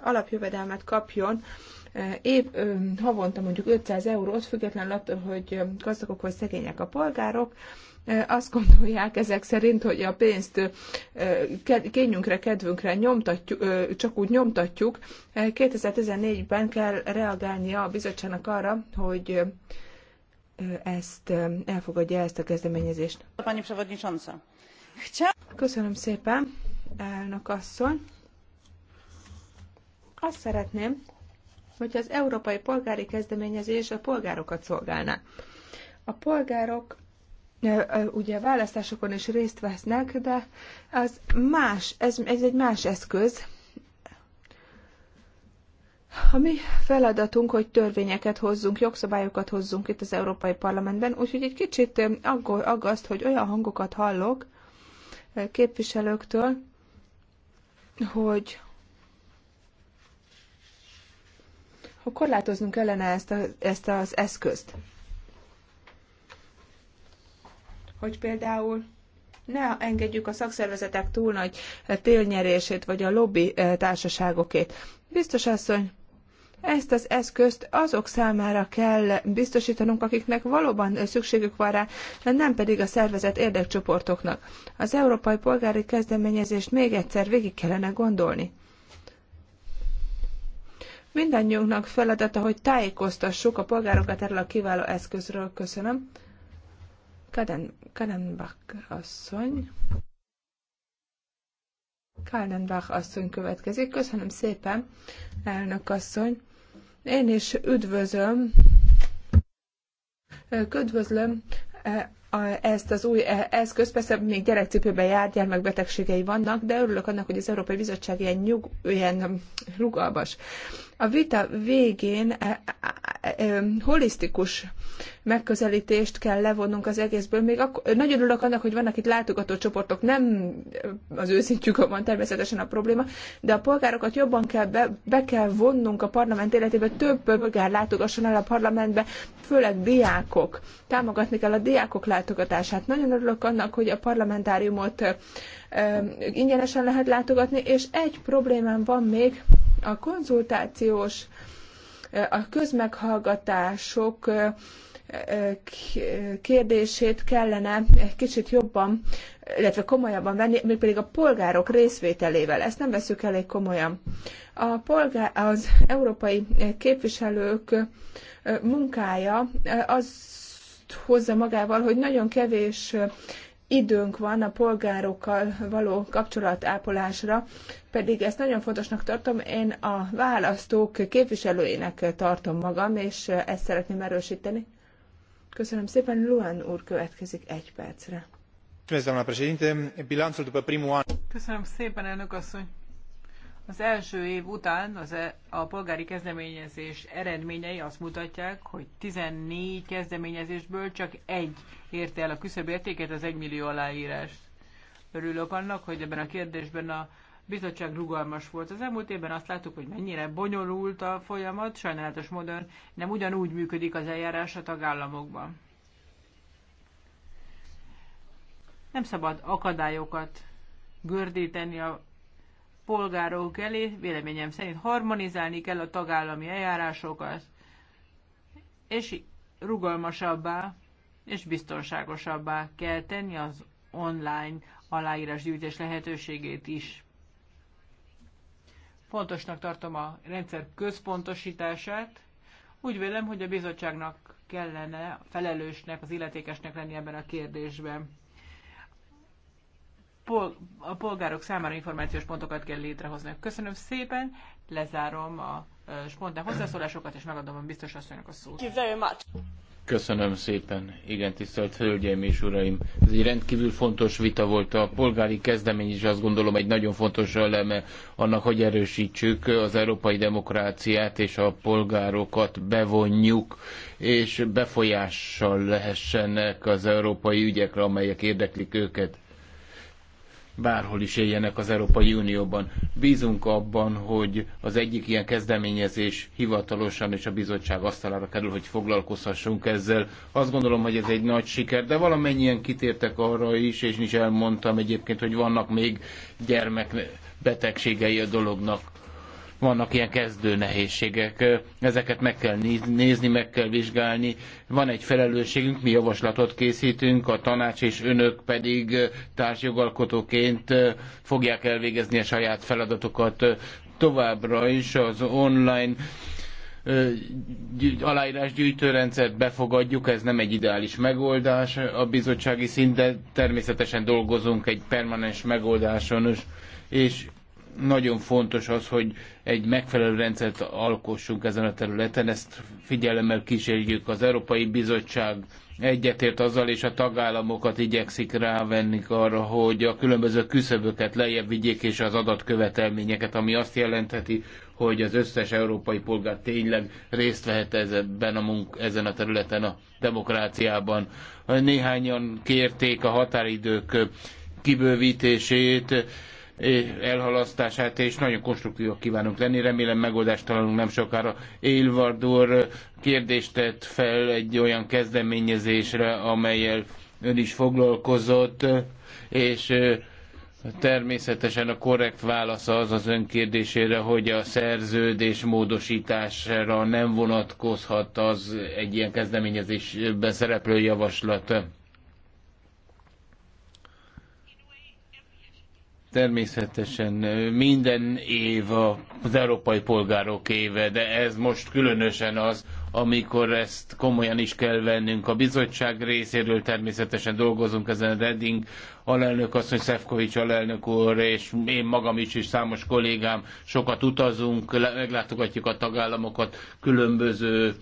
alapjövedelmet kapjon, év, havonta mondjuk 500 eurót, függetlenül attól, hogy gazdagok vagy szegények a polgárok, azt gondolják ezek szerint, hogy a pénzt kényünkre, kedvünkre nyomtatjuk, csak úgy nyomtatjuk. 2014-ben kell reagálnia a bizottságnak arra, hogy ezt elfogadja ezt a kezdeményezést. Pani Przewodnicząca. Köszönöm szépen, elnök asszony. Azt szeretném, hogy az európai polgári kezdeményezés a polgárokat szolgálná. A polgárok ugye választásokon is részt vesznek, de az más, ez, ez egy más eszköz. A mi feladatunk, hogy törvényeket hozzunk, jogszabályokat hozzunk itt az Európai Parlamentben, úgyhogy egy kicsit aggaszt, hogy olyan hangokat hallok képviselőktől, hogy hogy korlátoznunk kellene ezt, a, ezt az eszközt hogy például ne engedjük a szakszervezetek túl nagy eh, télnyerését, vagy a lobby eh, társaságokét. Biztos asszony, ezt az eszközt azok számára kell biztosítanunk, akiknek valóban szükségük van rá, nem pedig a szervezet érdekcsoportoknak. Az európai polgári kezdeményezést még egyszer végig kellene gondolni. Mindannyiunknak feladata, hogy tájékoztassuk a polgárokat erről a kiváló eszközről. Köszönöm. Karen, Karenbach asszony. Kaldenbach asszony következik. Köszönöm szépen, elnök asszony. Én is üdvözlöm, üdvözlöm e, ezt az új e, eszközt, persze még gyerekcipőben jár, gyermekbetegségei vannak, de örülök annak, hogy az Európai Bizottság ilyen, nyug, ilyen rugalmas. A vita végén e, e, e, holisztikus megközelítést kell levonnunk az egészből. Még akkor, nagyon örülök annak, hogy vannak itt látogató csoportok, nem az őszintjük van természetesen a probléma, de a polgárokat jobban kell be, be kell vonnunk a parlament életébe, több polgár látogasson el a parlamentbe, főleg diákok. Támogatni kell a diákok látogatását. Nagyon örülök annak, hogy a parlamentáriumot ingyenesen lehet látogatni, és egy problémám van még, a konzultációs, a közmeghallgatások kérdését kellene kicsit jobban, illetve komolyabban venni, pedig a polgárok részvételével. Ezt nem veszük elég komolyan. A polgár, az európai képviselők munkája az hozza magával, hogy nagyon kevés időnk van a polgárokkal való kapcsolatápolásra, pedig ezt nagyon fontosnak tartom, én a választók képviselőjének tartom magam, és ezt szeretném erősíteni. Köszönöm szépen, Luan úr következik egy percre. Köszönöm szépen, elnök asszony! Az első év után az e- a polgári kezdeményezés eredményei azt mutatják, hogy 14 kezdeményezésből csak egy érte el a értéket, az 1 millió aláírás. Örülök annak, hogy ebben a kérdésben a bizottság rugalmas volt. Az elmúlt évben azt láttuk, hogy mennyire bonyolult a folyamat, sajnálatos módon nem ugyanúgy működik az eljárás a tagállamokban. Nem szabad akadályokat gördíteni a polgárok elé, véleményem szerint harmonizálni kell a tagállami eljárásokat, és rugalmasabbá és biztonságosabbá kell tenni az online aláírásgyűjtés lehetőségét is. Fontosnak tartom a rendszer központosítását. Úgy vélem, hogy a bizottságnak kellene felelősnek, az illetékesnek lenni ebben a kérdésben pol- a polgárok számára információs pontokat kell létrehozni. Köszönöm szépen, lezárom a spontán hozzászólásokat, és megadom a biztos asszonynak a szót. Köszönöm szépen. Igen, tisztelt Hölgyeim és Uraim. Ez egy rendkívül fontos vita volt. A polgári kezdemény és azt gondolom egy nagyon fontos eleme annak, hogy erősítsük az európai demokráciát és a polgárokat bevonjuk, és befolyással lehessenek az európai ügyekre, amelyek érdeklik őket bárhol is éljenek az Európai Unióban. Bízunk abban, hogy az egyik ilyen kezdeményezés hivatalosan és a bizottság asztalára kerül, hogy foglalkozhassunk ezzel. Azt gondolom, hogy ez egy nagy siker, de valamennyien kitértek arra is, és is elmondtam egyébként, hogy vannak még gyermek betegségei a dolognak vannak ilyen kezdő nehézségek, ezeket meg kell nézni, meg kell vizsgálni. Van egy felelősségünk, mi javaslatot készítünk, a tanács és önök pedig társjogalkotóként fogják elvégezni a saját feladatokat továbbra is az online aláírásgyűjtőrendszert befogadjuk, ez nem egy ideális megoldás a bizottsági szinten, természetesen dolgozunk egy permanens megoldáson, és nagyon fontos az, hogy egy megfelelő rendszert alkossunk ezen a területen, ezt figyelemmel kísérjük. Az Európai Bizottság egyetért azzal, és a tagállamokat igyekszik rávenni arra, hogy a különböző küszöböket lejjebb vigyék, és az adatkövetelményeket, ami azt jelentheti, hogy az összes európai polgár tényleg részt vehet ezen a, munk- ezen a területen a demokráciában. Néhányan kérték a határidők kibővítését, elhalasztását, és nagyon konstruktívak kívánunk lenni. Remélem megoldást találunk nem sokára. Élvardor kérdést tett fel egy olyan kezdeményezésre, amelyel ön is foglalkozott, és Természetesen a korrekt válasz az az ön kérdésére, hogy a szerződés módosítására nem vonatkozhat az egy ilyen kezdeményezésben szereplő javaslat. Természetesen minden év az európai polgárok éve, de ez most különösen az, amikor ezt komolyan is kell vennünk. A bizottság részéről természetesen dolgozunk ezen Redding alelnök asszony, Szefkovics alelnök úr, és én magam is, és számos kollégám, sokat utazunk, meglátogatjuk a tagállamokat, különböző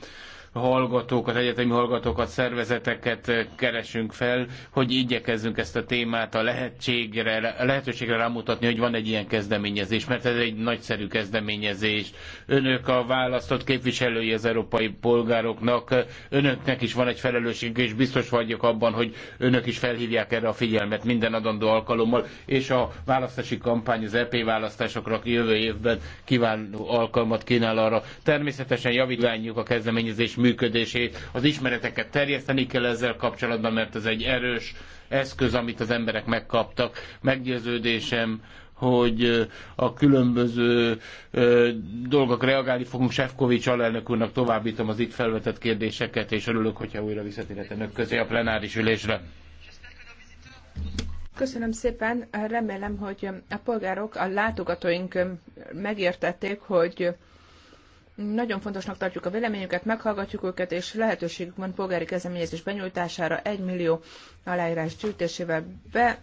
hallgatókat, egyetemi hallgatókat, szervezeteket keresünk fel, hogy igyekezzünk ezt a témát a lehetségre, a lehetőségre rámutatni, hogy van egy ilyen kezdeményezés, mert ez egy nagyszerű kezdeményezés. Önök a választott képviselői az európai polgároknak, önöknek is van egy felelősség, és biztos vagyok abban, hogy önök is felhívják erre a figyelmet minden adandó alkalommal, és a választási kampány az EP választásokra jövő évben kiváló alkalmat kínál arra. Természetesen javítványjuk a kezdeményezés működését, az ismereteket terjeszteni kell ezzel kapcsolatban, mert ez egy erős eszköz, amit az emberek megkaptak. Meggyőződésem, hogy a különböző dolgok reagálni fogunk. Sefkovics alelnök úrnak továbbítom az itt felvetett kérdéseket, és örülök, hogyha újra visszatérhet önök közé a plenáris ülésre. Köszönöm szépen. Remélem, hogy a polgárok, a látogatóink megértették, hogy nagyon fontosnak tartjuk a véleményüket, meghallgatjuk őket, és lehetőségük van polgári kezdeményezés benyújtására egy millió aláírás gyűjtésével be